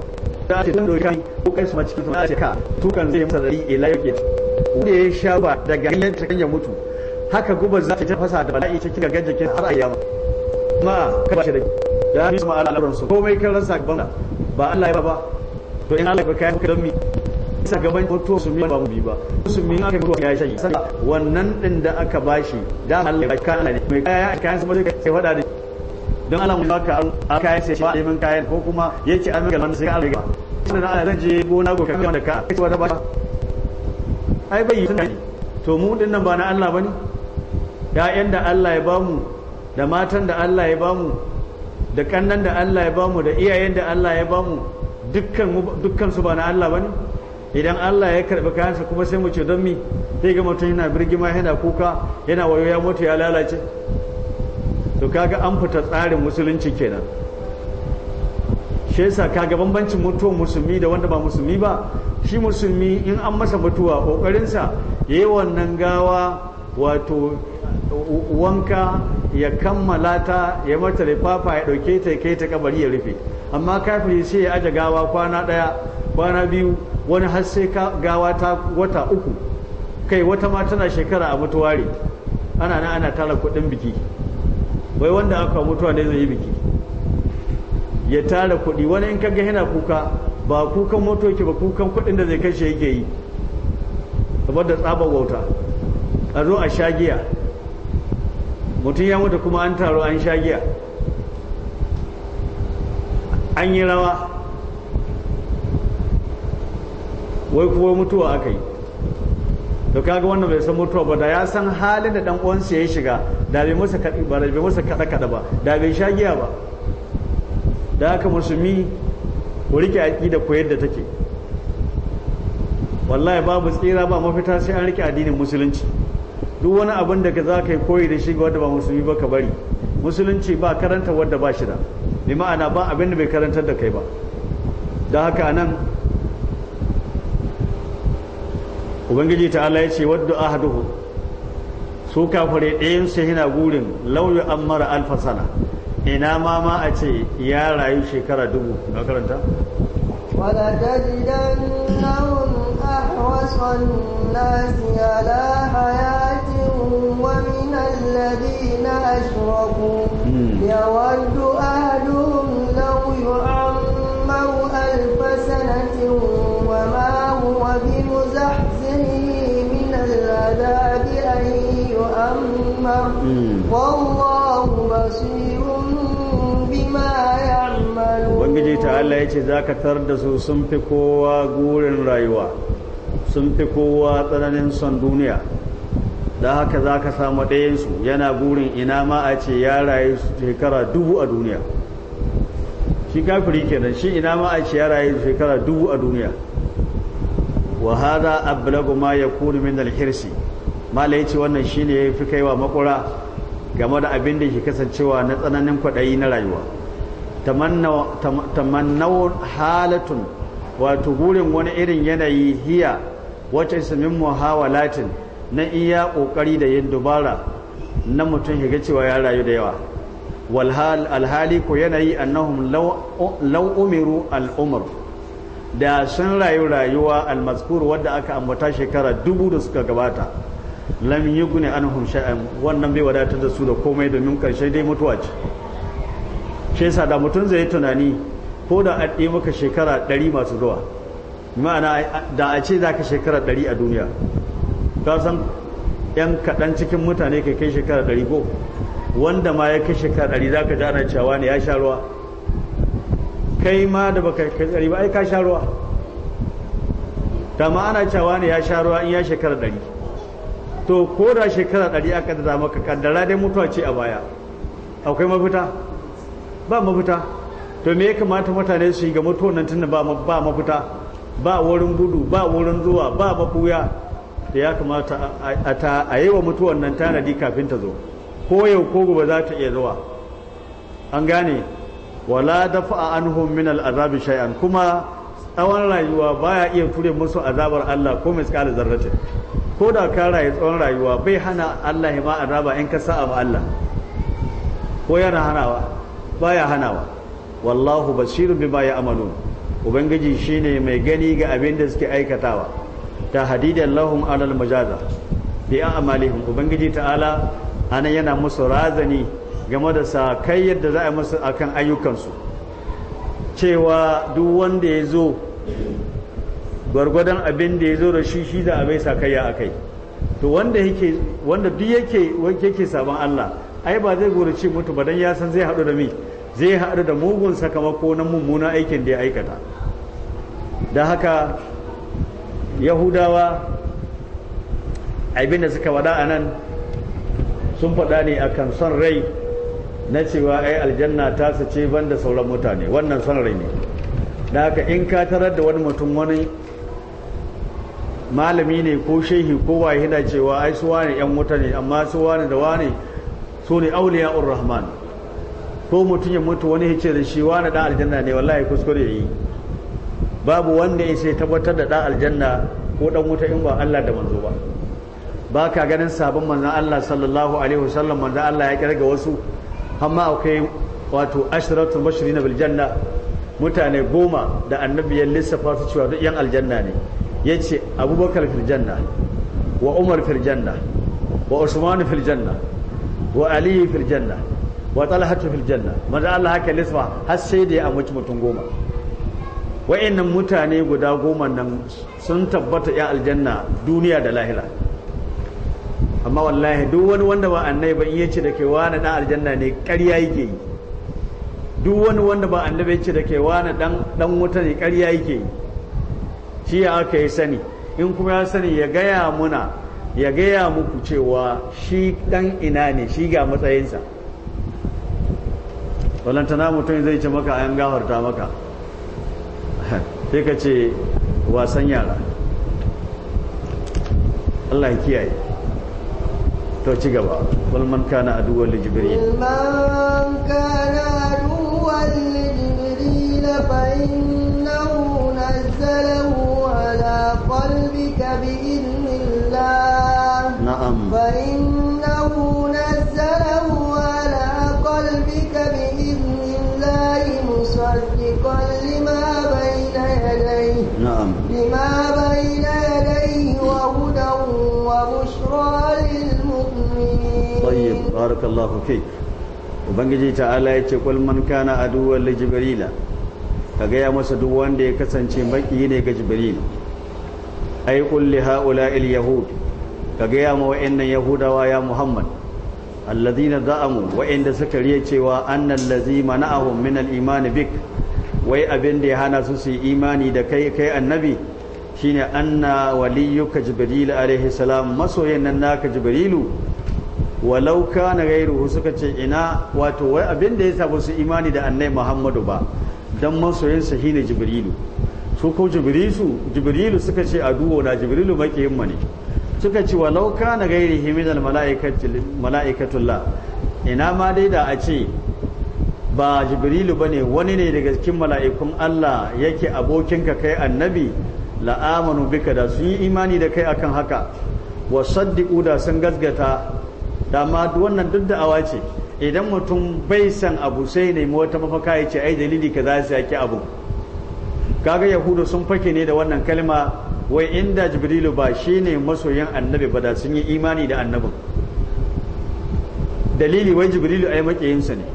ta ce don dokan kai ko kai su ma cikin su ce ka tukan zai masa zari ila yake wanda ya sha ba daga ganyen ta kan ya mutu haka gubar za ta fasa da bala'i cikin gangan jikin har ayyama ma ka ba shi da ya yi su ma'ala al'amuran su komai kan rasa gaban ba Allah ya ba to in Allah ya kai ka don mi isa gaban hoto su mi ba mu bi ba su mi na kai ruwa ya shi wannan din da aka bashi da Allah ya kai ne mai kaya kayan su ma zai kai fada da don ana mun baka a kayan sai ba neman kayan ko kuma yake an ga wanda sai ka riga sai na zan je gona go kan da ka kai wata ba ai bai yi tunani to mu din nan ba na Allah bane ya'yan da Allah ya bamu da matan da Allah ya bamu da kannan da Allah ya bamu da iyayen da Allah ya bamu dukkan dukkan su ba na Allah bane idan Allah ya karbi kayansa kuma sai mu ce don mi sai ga mutum yana birgima yana kuka yana wayo ya mutu ya lalace to kaga an fita tsarin musulunci kenan shi kaga bambancin mutuwar musulmi da wanda ba musulmi ba shi musulmi in an masa mutuwa kokarinsa ya yi wannan gawa wato wanka ya kammala ta ya mata lifafa ya dauke ta ya kai ta kabari ya rufe amma kafiri sai ya aje gawa kwana daya kwana biyu wani har sai gawa ta wata uku kai wata ma tana shekara a mutuware ana nan ana tara kuɗin biki wai wanda aka mutuwa ne zai yi biki ya tara kuɗi wani in kaga yana kuka ba kukan motoki ba kukan kuɗin da zai kashe yake yi kamar da tsabar wauta a zo a sha giya mutum ya mutu kuma an taro an sha giya an yi rawa wai kuwa mutuwa aka yi to kaga wannan bai san mutuwa ba da ya san halin da ɗan uwansa ya shiga da bai masa kaɗi ba da bai masa kaɗa kaɗa ba da bai sha giya ba da haka musulmi ku rike aƙida ku yadda take wallahi babu tsira ba mafita sai an rike addinin musulunci duk wani abin da za ka yi koyi da shi ga wanda ba musulmi ba ka bari musulunci ba karanta wanda ba shi da bi ma'ana ba abin da bai karantar da kai ba da haka nan ubangiji ta'ala ya ce wadda ahaduhu su kafare ɗayan su yana gurin lauyi an mara alfasana ina ma ma a ce ya rayu shekara dubu na karanta ولتجدنهم أحوص الناس على حياة ومن الذين أشركوا يود أحدهم لو يعمر ألف سنة وما هو بمزحزحه من العذاب الزمر والله بصير بما يعملون ubangiji ta'ala tar da su sun fi kowa gurin rayuwa sun fi kowa tsananin son duniya da haka za ka samu ɗayansu yana gurin ina ma a ce ya rayu shekara dubu a duniya shi kafiri kenan shi ina ma a ce ya rayu shekara dubu a duniya wa hada ablagu ma kuri min al malai ce wannan shi ne fi kai wa makura game da abin da ke kasancewa na tsananin kwaɗayi na rayuwa tamannau halatun wato burin wani irin yanayi hiya wacce su min latin na iya ƙoƙari da yin dubara na mutum shiga cewa ya rayu da yawa walhal alhali ko yanayi annahum law umiru al'umar da sun rayu rayuwa almazkur wadda aka ambata shekara dubu da suka gabata gune yughni hunshe a wannan bai wadatar da su da komai domin karshe dai mutuwa ce shi yasa da mutum zai tunani ko da a ɗi maka shekara ɗari masu zuwa ma'ana da a ce za ka shekara ɗari a duniya ka san yan kaɗan cikin mutane ka kai shekara ɗari ko wanda ma ya kai shekara ɗari za ka ji ana cewa ne ya sha ruwa kai ma da baka kai ɗari ba ai ka sha ruwa da ma ana cewa ne ya sha ruwa in ya shekara ɗari to ko da shekara ɗari aka da maka kaddara dai mutuwa ce a baya akwai mafita ba mafita to me ya kamata mutane su yi ga mutuwa nan tun ba mafita ba wurin gudu ba wurin zuwa ba mafuya da ya kamata a yi wa mutuwan nan tanadi kafin ta zo ko yau ko gobe za ta iya zuwa an gane wala dafa anhum min al'azabi shay'an kuma tsawon rayuwa baya iya ture musu azabar Allah ko mai misqal zarratin ko da ka rayu tsawon rayuwa bai hana Allah ya ma azaba in ka sa'a ba Allah ko yana hanawa baya hanawa wallahu basirun bima ya'malun ubangiji shine mai gani ga abin da suke aikatawa ta hadidan lahum alal majaza bi a'malihim ubangiji ta'ala anan yana musu razani game da sa kai yadda za a musu akan ayyukansu cewa duk wanda ya zo gwargwadon abin da ya zo da shi shi da abai sakayya a kai to wanda yake wanda duk yake yake sabon Allah ai ba zai ce mutu ba ya san zai haɗu da mi zai haɗu da mugun sakamako na mummuna aikin da ya aikata da haka yahudawa abin da suka wada a nan sun faɗa ne akan son rai na cewa ai aljanna ta su ce banda sauran mutane wannan son rai ne da haka in ka tarar da wani mutum wani malami ne ko shehi ko waye yana cewa ai su wane yan wuta ne amma su wane da wane su ne auliya rahman ko mutum ya mutu wani ya ce da shi wane da aljanna ne wallahi kuskure yi babu wanda ya sai tabbatar da da aljanna ko dan wuta in ba Allah da manzo ba ba ka ganin sabon manzon Allah sallallahu alaihi wasallam manzon Allah ya kirga wasu amma akwai wato ashratul mashirina bil janna mutane goma da annabi ya lissafa su cewa duk yan aljanna ne ya ce abubakar filjanna wa umar filjanna wa usman filjanna wa aliyu filjanna wa talhatu filjanna maza Allah haka lisfa har sai da ya amince mutum goma wa'annan mutane guda goma nan sun tabbata ya aljanna duniya da lahira amma wallahi duk wani wanda ba annai ba in yace da kai wani dan aljanna ne ƙarya yake yi duk wani wanda ba annabi yace da kai wani dan dan wuta ne ƙarya yake yi shi ya aka yi sani in kuma ya sani ya gaya muna ya gaya muku cewa shi dan ina ne shi ga matsayinsa walantana mutum zai ce maka ayan gafarta maka sai ka ce wasan yara Allah ya kiyaye to ci gaba walman kana aduwwan jibril kana jibril fa innahu ننزله على قلبك بإذن الله نعم فإنه نزله على قلبك بإذن الله مصدقا لما بين يديه نعم لما بين يديه وهدى وبشرى للمؤمنين طيب بارك الله فيك وبنجي تعالى يقول من كان عدوا لجبريل ka gaya masa duk wanda ya kasance maki ne ga jibril ai kulli haula il yahud ka gaya ma wa'annan yahudawa ya muhammad alladhina za'amu wa'anda suka riya cewa annal ladhi mana'ahum min al iman bik wai abin da ya hana su su imani da kai kai annabi shine anna waliyuka jibril alaihi salam masoyan nan naka jibrilu walau kana gairu suka ce ina wato wai abin da ya sabu su imani da annabi muhammadu ba dan masoyinsa shine jibrilu su ko jibrilu jibrilu suka ce aduwo na jibrilu himma ne suka ce walau kana gairihi min malaikatu malaikatullah ina ma dai da a ce ba jibrilu ba ne wani ne daga cikin mala'ikun Allah yake abokinka kai annabi la'amanu bika da su yi imani da kai akan haka wa saddiqu da sun gasgata dama wannan duk da awa ce idan mutum bai san abu sai nemi wata mafaka ya ce ai dalili ka za su yaki abu kaga yahudu sun fake ne da wannan kalma wai inda jibrilu ba shi ne masoyin annabi ba da sun yi imani da annabin dalili wai jibrilu ai makiyinsa ne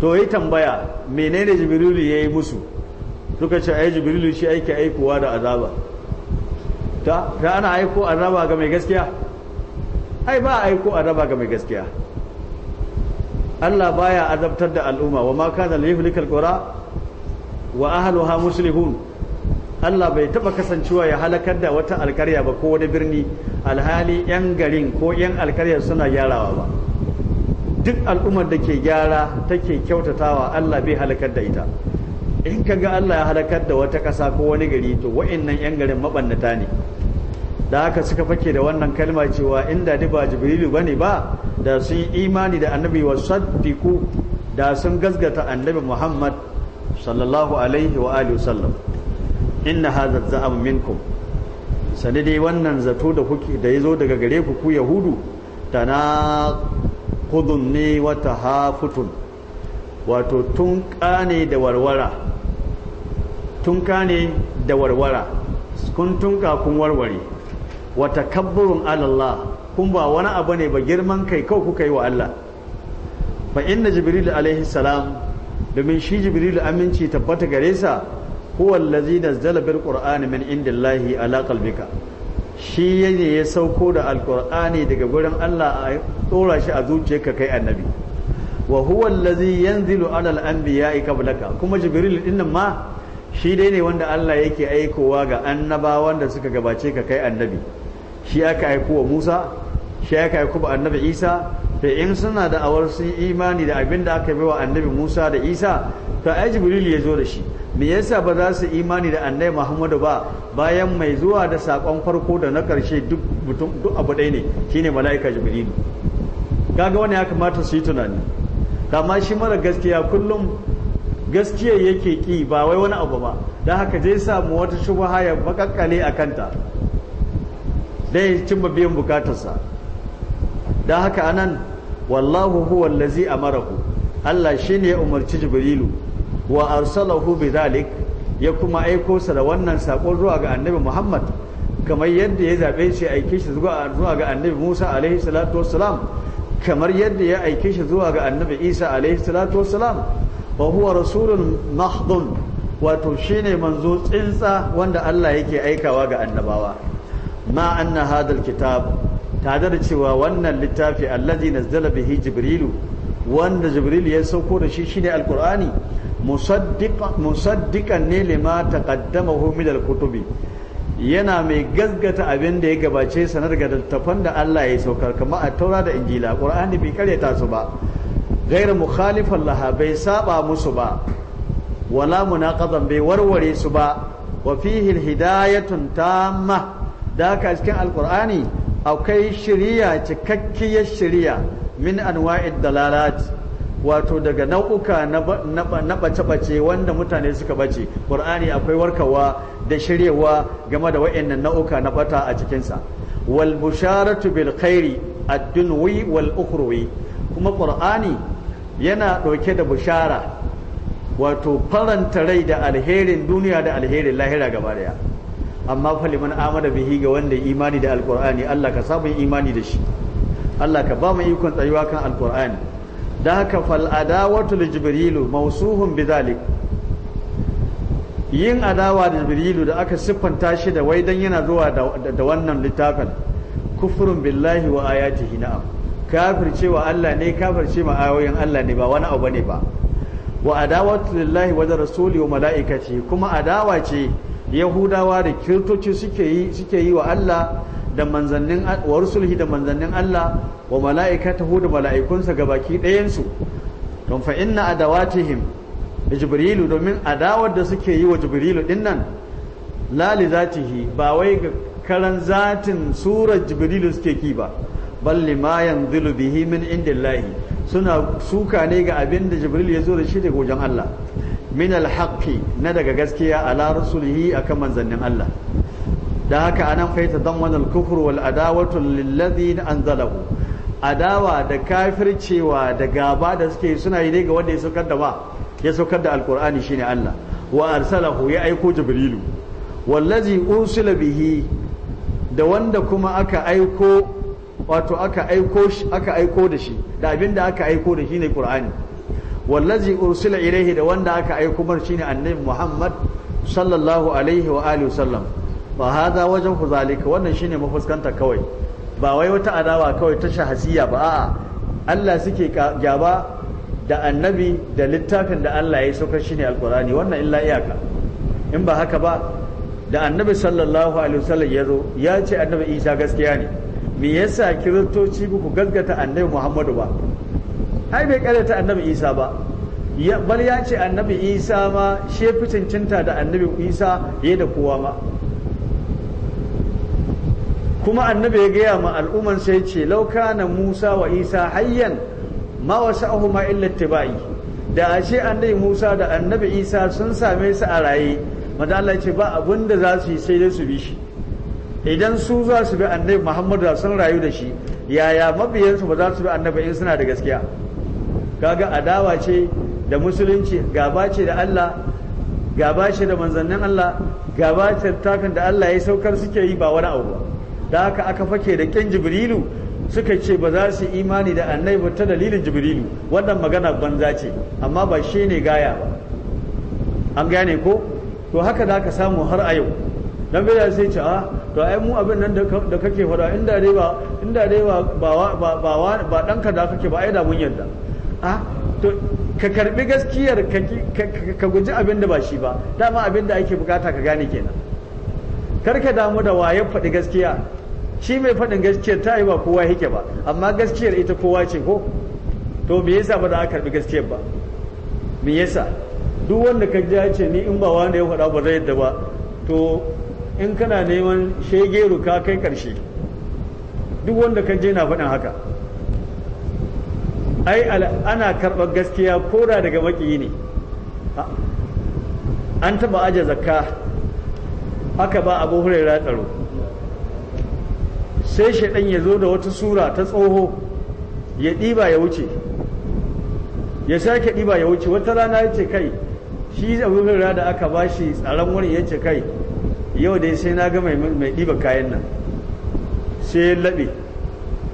to yi tambaya menene jibrilu yi musu suka ce ai jibrilu shi aiki aikowa da azaba ta ana aiko azaba ga mai gaskiya ai ba aiko azaba ga mai gaskiya Allah baya azabtar da al'umma wa ma kana liyuhlikal qura wa ahluha muslihun Allah bai taba kasancewa ya halakar da wata alkarya ba ko wani birni alhali yan garin ko yan alkaryar suna gyarawa ba duk al'ummar da ke gyara take kyautatawa Allah bai halakar da ita in ka ga Allah ya halakar da wata ƙasa ko wani gari to wa'annan yan garin mabannata ne da haka suka fake da wannan kalma cewa inda ba jibrilu bane ba da sun imani da annabi wa saddiku da sun gazgata annabi Muhammad sallallahu alaihi wa alihi wasallam inna hadha za'am minkum sani dai wannan zato da kuke da yazo daga gare ku ku yahudu tana qudun ne wa tahafutun wato tun kane da warwara tun kane da warwara kun tunka kun warware wa takabburun ala Allah kun ba wani abu ne ba girman kai kawai kuka yi wa Allah fa inna jibril alaihi salam domin shi jibril aminci tabbata gare sa huwa allazi nazzala bil qur'ani min indillahi ala qalbika shi ne ya sauko da alqur'ani daga gurin Allah a tsora shi a zuciyarka kai annabi wa huwa allazi yanzilu ala al-anbiya'i qablaka kuma jibril dinnan ma shi dai ne wanda Allah yake aikowa ga annabawan da suka gabace ka kai annabi shi aka aiko wa Musa shi aka aiko ba annabi Isa da in suna da awar su imani da abin da aka wa annabi Musa da Isa to ai Jibril ya zo da shi me yasa ba za su imani da annabi Muhammadu ba bayan mai zuwa da sakon farko da na karshe duk mutum duk abu ɗaya ne shine mala'ika Jibril kaga wani ya kamata su yi tunani amma shi mara gaskiya kullum gaskiya yake ki ba wai wani abu ba da haka zai samu wata shubha ya bakakkale a kanta dan ya cimma biyan bukatarsa dan haka anan wallahu huwa allazi amarahu Allah shine ya umarci Jibrilu wa arsalahu bidhalik ya kuma aiko sa da wannan sakon zuwa ga Annabi Muhammad kamar yadda ya zabe shi aike shi zuwa ga Annabi Musa alaihi salatu wassalam kamar yadda ya aike shi zuwa ga Annabi Isa alaihi salatu wassalam wa huwa rasulun mahdun wato shine manzo tsintsa wanda Allah yake aikawa ga annabawa ma anna hadal kitab tare da cewa wannan littafi allazi nazzala bihi jibrilu wanda jibril ya sauko da shi shine alqur'ani musaddiqan ne lima taqaddamahu min alkutubi yana mai gazgata abin da ya gabace sanar ga daga littafan da Allah ya saukar kamar a taura da injila qur'ani bai karyata su ba Gaira mukhalifan laha bai saba musu ba wala munaqadan bai warware su ba wa fihi alhidayatun tamma da haka cikin alkur'ani akwai shiriya cikakkiyar shiriya min anwa'id dalalat wato daga nau'uka na bace-bace wanda mutane suka bace ƙur'ani akwai warkarwa da shiryawa game da wa'annan nau'uka na bata a cikinsa wal busharatu bil khairi ad-dunwi wal ukhrawi kuma ƙur'ani yana ɗauke da bushara wato faranta rai da alherin duniya da alherin lahira gaba daya amma faliman amada amana bihi ga wanda imani da alqur'ani Allah ka samu imani da shi Allah ka ba mu ikon tsayuwa kan alqur'ani da haka fal adawatu li jibril mawsuhun bidhalik yin adawa da jibrilu da aka siffanta shi da wai dan yana zuwa da wannan littafin kufrun billahi wa ayatihi na'am kafircewa Allah ne kafirce ma ayoyin Allah ne ba wani abu ne ba wa adawatu lillahi wa rasuli wa malaikati kuma adawa ce yahudawa da kiristoci suke yi suke yi wa Allah da manzannin wa rusulhi da manzannin Allah wa mala'ikatahu da mala'ikunsa gabaki ɗayan su don fa inna adawatihim jibrilu domin adawar da suke yi wa jibrilu dinnan la li zatihi ba wai ga karan zatin surar jibrilu suke ki ba balli ma yanzilu bihi min indillahi suna suka ne ga abin da jibril ya zo da shi daga wajen Allah min alhaqi na daga gaskiya ala rusulihi akan manzannin Allah da haka anan fa yatadamman al-kufr wal adawatu lilladhi anzalahu adawa da kafircewa da gaba da suke suna yi ne ga wanda ya saukar da ba ya saukar da alqur'ani shine Allah wa arsalahu ya aiko jibrilu wallazi ursila bihi da wanda kuma aka aiko wato aka aiko aka aiko da shi da abinda aka aiko da shi ne qur'ani wallazi ursila ilayhi da wanda aka aiko mar shine annabi Muhammad sallallahu alaihi wa alihi wasallam fa wajen wajhu zalika wannan shine mafuskanta kawai ba wai wata adawa kawai ta shahasiya ba a'a Allah suke gaba da annabi da littafin da Allah ya saukar shine alqurani wannan illa iyaka in ba haka ba da annabi sallallahu alaihi wasallam ya ya ce annabi Isa gaskiya ne me yasa kiristoci ku gaggata annabi Muhammadu ba ai bai ta annabi isa ba bal ya ce annabi isa ma shi fi cancanta da annabi isa ya da kowa ma kuma annabi ya gaya ma al'umman sai ce lauka na musa wa isa hayyan ma wasu ahuma illa tibai da ashe annabi musa da annabi isa sun same su a raye maza Allah ce ba abin za su yi sai dai su bi shi idan su za su bi annabi muhammadu da sun rayu da shi yaya mabiyansu ba za su bi annabi in suna da gaskiya kaga adawa ce da musulunci gaba ce da Allah gaba ce da manzannin Allah gaba ce takan da Allah ya saukar suke yi ba wani abu ba da haka aka fake da kyan jibrilu suka ce ba za su imani da annai ba ta dalilin jibrilu wannan magana banza ce amma ba shi ne gaya ba an gane ko to haka da aka samu har a yau dan bai sai ce a ah, to ai mu abin nan da kake faɗa inda dai ba inda dai ba danka da kake ba ai da mun yadda. a to ka karbi gaskiyar ka guji abin da ba shi ba dama abin da ake bukata ka gane kenan kar ka damu da waye faɗi gaskiya shi mai faɗin gaskiyar ta yi ba kowa yake ba amma gaskiyar ita kowa ce ko to me yasa ba da aka karbi gaskiyar ba me yasa duk wanda ka ji ce ni in ba wanda ya faɗa ba zai yadda ba to in kana neman shege ruka kai ƙarshe duk wanda ka je na faɗin haka ai ana karɓar gaskiya kora daga maƙiyi ne an taɓa aje zakka aka ba abu hurairar tsaro sai shaɗan ya zo da wata sura ta tsoho ya ɗiba ya wuce ya sake ɗiba ya wuce wata rana ya ce kai shi abu hurairar da aka ba shi tsaron wurin ya ce kai yau dai sai na ga mai ɗiba kayan nan sai ya laɓe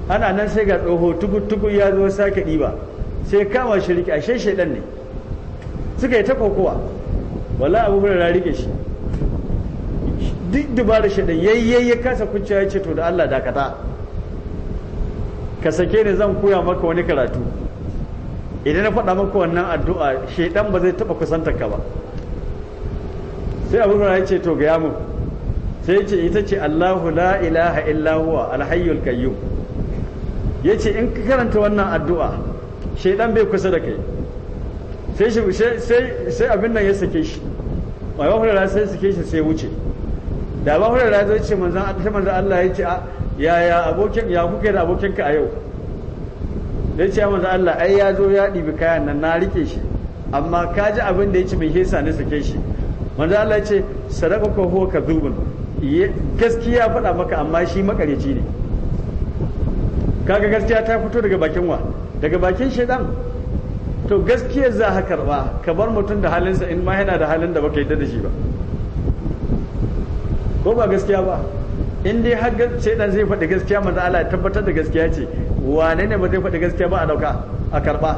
ana nan sai ga tsoho tukutuku ya zo sake ɗiba sai kama shi rike ashe shaidan ne suka yi ta kokowa wala abu hurara rike shi duk da shaidan yayyayi ya kasa kunci ya ce to da Allah dakata ka sake ni zan koya maka wani karatu idan na faɗa maka wannan addu'a shaidan ba zai taɓa kusantar ka ba sai abu hurara ya ce to gaya yamu sai ce ita ce Allahu la ilaha illa huwa alhayyul qayyum ya ce in ka karanta wannan addu'a shaidan bai kusa da kai sai abin nan ya sake shi mai bahurara sai sake shi sai wuce da bahurara zai ce manzan Allah ya ce yaya abokin ya kuka da abokinka a yau zai ce manzan Allah ai ya zo ya ɗibi kayan nan na rike shi amma ka ji abin da ya ce mai hesa ne sake shi manzan Allah ya ce sadaka ko ka zubin gaskiya faɗa maka amma shi makareci ne kaga gaskiya ta fito daga bakin wa daga bakin shaidan to gaskiyar za ka karba ka bar mutum da halinsa in ma yana da halin da baka yadda da shi ba ko ba gaskiya ba in dai har shaidan zai faɗi gaskiya manzo Allah ya tabbatar da gaskiya ce wane ne ba zai faɗi gaskiya ba a dauka a karba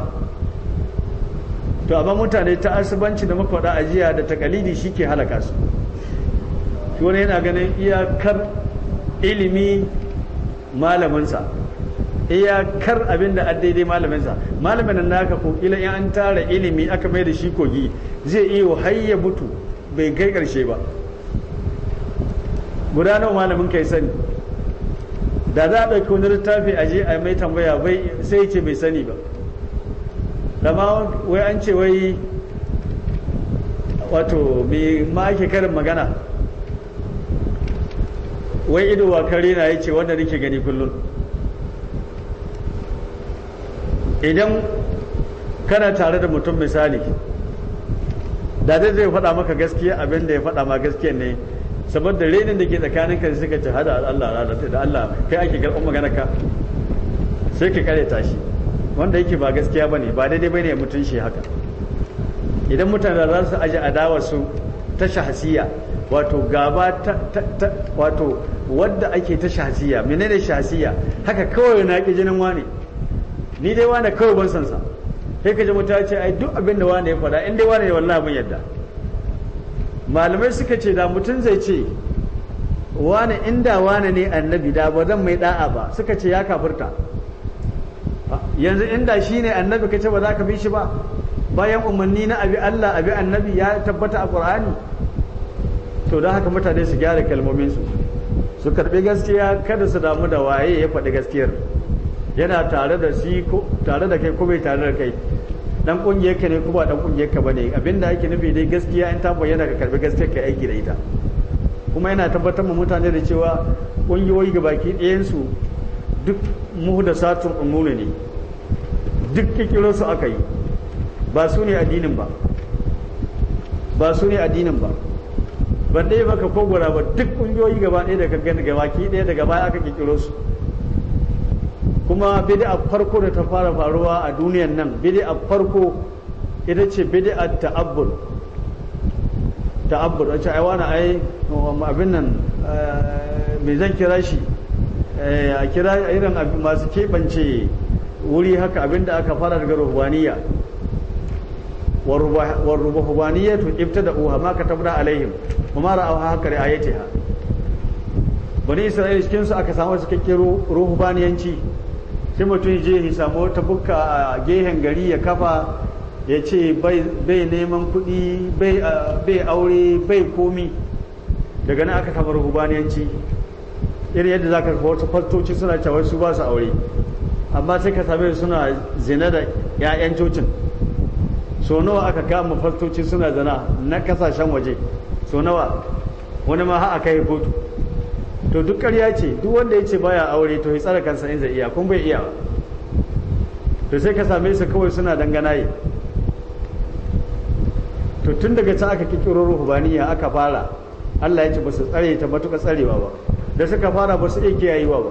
to amma mutane ta asubanci da muka ajiya da takalidi shike halaka su wani yana ganin iyakar ilimi malaminsa Iya kar abin da daidai malaminsa malamin nan naka ko kila in an tara ilimi aka mai da shi kogi zai iya hayya mutu bai kai karshe ba guda nawa malamin kai sani da za a ɗauki wani littafi a je a mai tambaya bai sai ce bai sani ba dama wai an ce wai wato mai ma ake karin magana wai ido wa kare na ya ce wanda nake gani kullum idan kana tare da mutum misali da zai zai faɗa maka gaskiya abin da ya faɗa ma gaskiya ne saboda renin da ke tsakanin ka suka ci hada Allah da Allah kai ake karɓar magana ka sai ka kare tashi wanda yake ba gaskiya bane ba daidai bane mutum shi haka idan mutane za su aji adawa su ta shahasiya wato gaba ta wato wadda ake ta shahasiya menene shahasiya haka kawai na ki jinin wani ni dai wani kawai ban san sa sai ka ji mutum ce ai duk abin da wane ya faɗa in dai wani ne wallahi mun yadda malamai suka ce da mutum zai ce wani inda wani ne annabi da ba zan mai da'a ba suka ce ya kafirta yanzu inda shi ne annabi ka ce ba za ka bi shi ba bayan umarni na abi Allah abi annabi ya tabbata a Qur'ani to don haka mutane su gyara kalmominsu su karɓi gaskiya kada su damu da waye ya faɗi gaskiyar yana tare da shi tare da kai ko bai tare da kai dan kungiyar ka ne ko ba dan kungiyar ka bane abinda yake nufi dai gaskiya in ta bayyana ka karbi gaskiyar kai aiki da ita kuma yana tabbatar mu mutane da cewa kungiyoyi ga baki ɗayan su duk muhdasatun umuni ne duk kikiro su aka yi ba su ne addinin ba ba su ne addinin ba ban ɗaya baka kogora ba duk kungiyoyi gaba ɗaya daga gani gaba ki ɗaya daga baya aka kikiro su kuma bid'a farko da ta fara faruwa a duniyan nan bid'a farko ita ce bid'a ta'abbud ta'abbud wacce ai wani ai abin nan eh, me zan kira shi eh, a kira irin masu keɓance wuri haka abin da aka fara daga ruhbaniya wa ruhbaniya to ibtada'uha ma katabna alaihim kuma ra'awha haka ri'ayatiha bani isra'ila cikin su aka samu cikakken ruhubaniyanci sai mutum je ya samu wata bukka a gehen gari ya kafa ya ce bai neman kuɗi bai aure bai komi daga nan aka samu ruhubaniyanci irin yadda za ka kafa wasu fastoci suna cewa su ba su aure amma sai ka same suna zina da 'ya'yan cocin so nawa aka kama fastoci suna zina na kasashen waje so nawa wani ma har aka yi kotu to duk karya ce duk wanda ya ce baya aure to ya tsara kansa in zai iya kun bai iya ba. to sai ka same su kawai suna dangana yi to tun daga can aka kikiro ruhubaniya aka fara Allah ya ce ba su tsare ta matuƙa tsarewa ba da suka fara ba su iya kiyayewa ba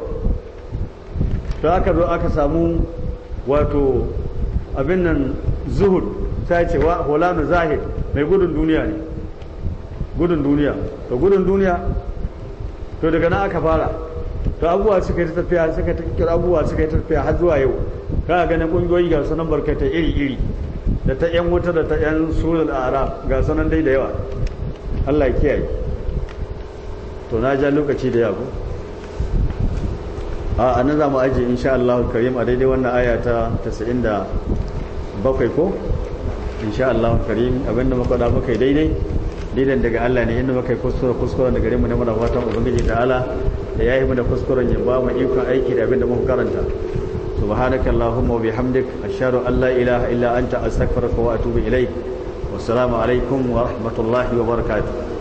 to aka zo aka samu wato abin nan zuhud ta ce wa hulanu zahid mai gudun duniya ne gudun duniya to gudun duniya to daga nan aka fara to abubuwa suka yi tafiya suka ta abubuwa suka yi tafiya har zuwa yau ka ganin kungiyoyi ga sanan barkata iri iri da ta yan wuta da ta yan surul arab ga sanan dai da yawa Allah ya kiyaye to na ja lokaci da yabo a anan za mu aje insha Allah karim a daidai wannan aya ta 97 ko insha Allah karim abinda muka da muka daidai idan daga Allah ne inda muka yi kuskure kuskuren da mu ne muna fatan ubangiji ala da yayi mu da kuskuren ya ba mu ikon aiki da abin da muka karanta subhanaka allahumma wa bihamdik ashhadu an la ilaha illa anta astaghfiruka wa atubu ilaik wassalamu alaikum wa rahmatullahi wa barakatuh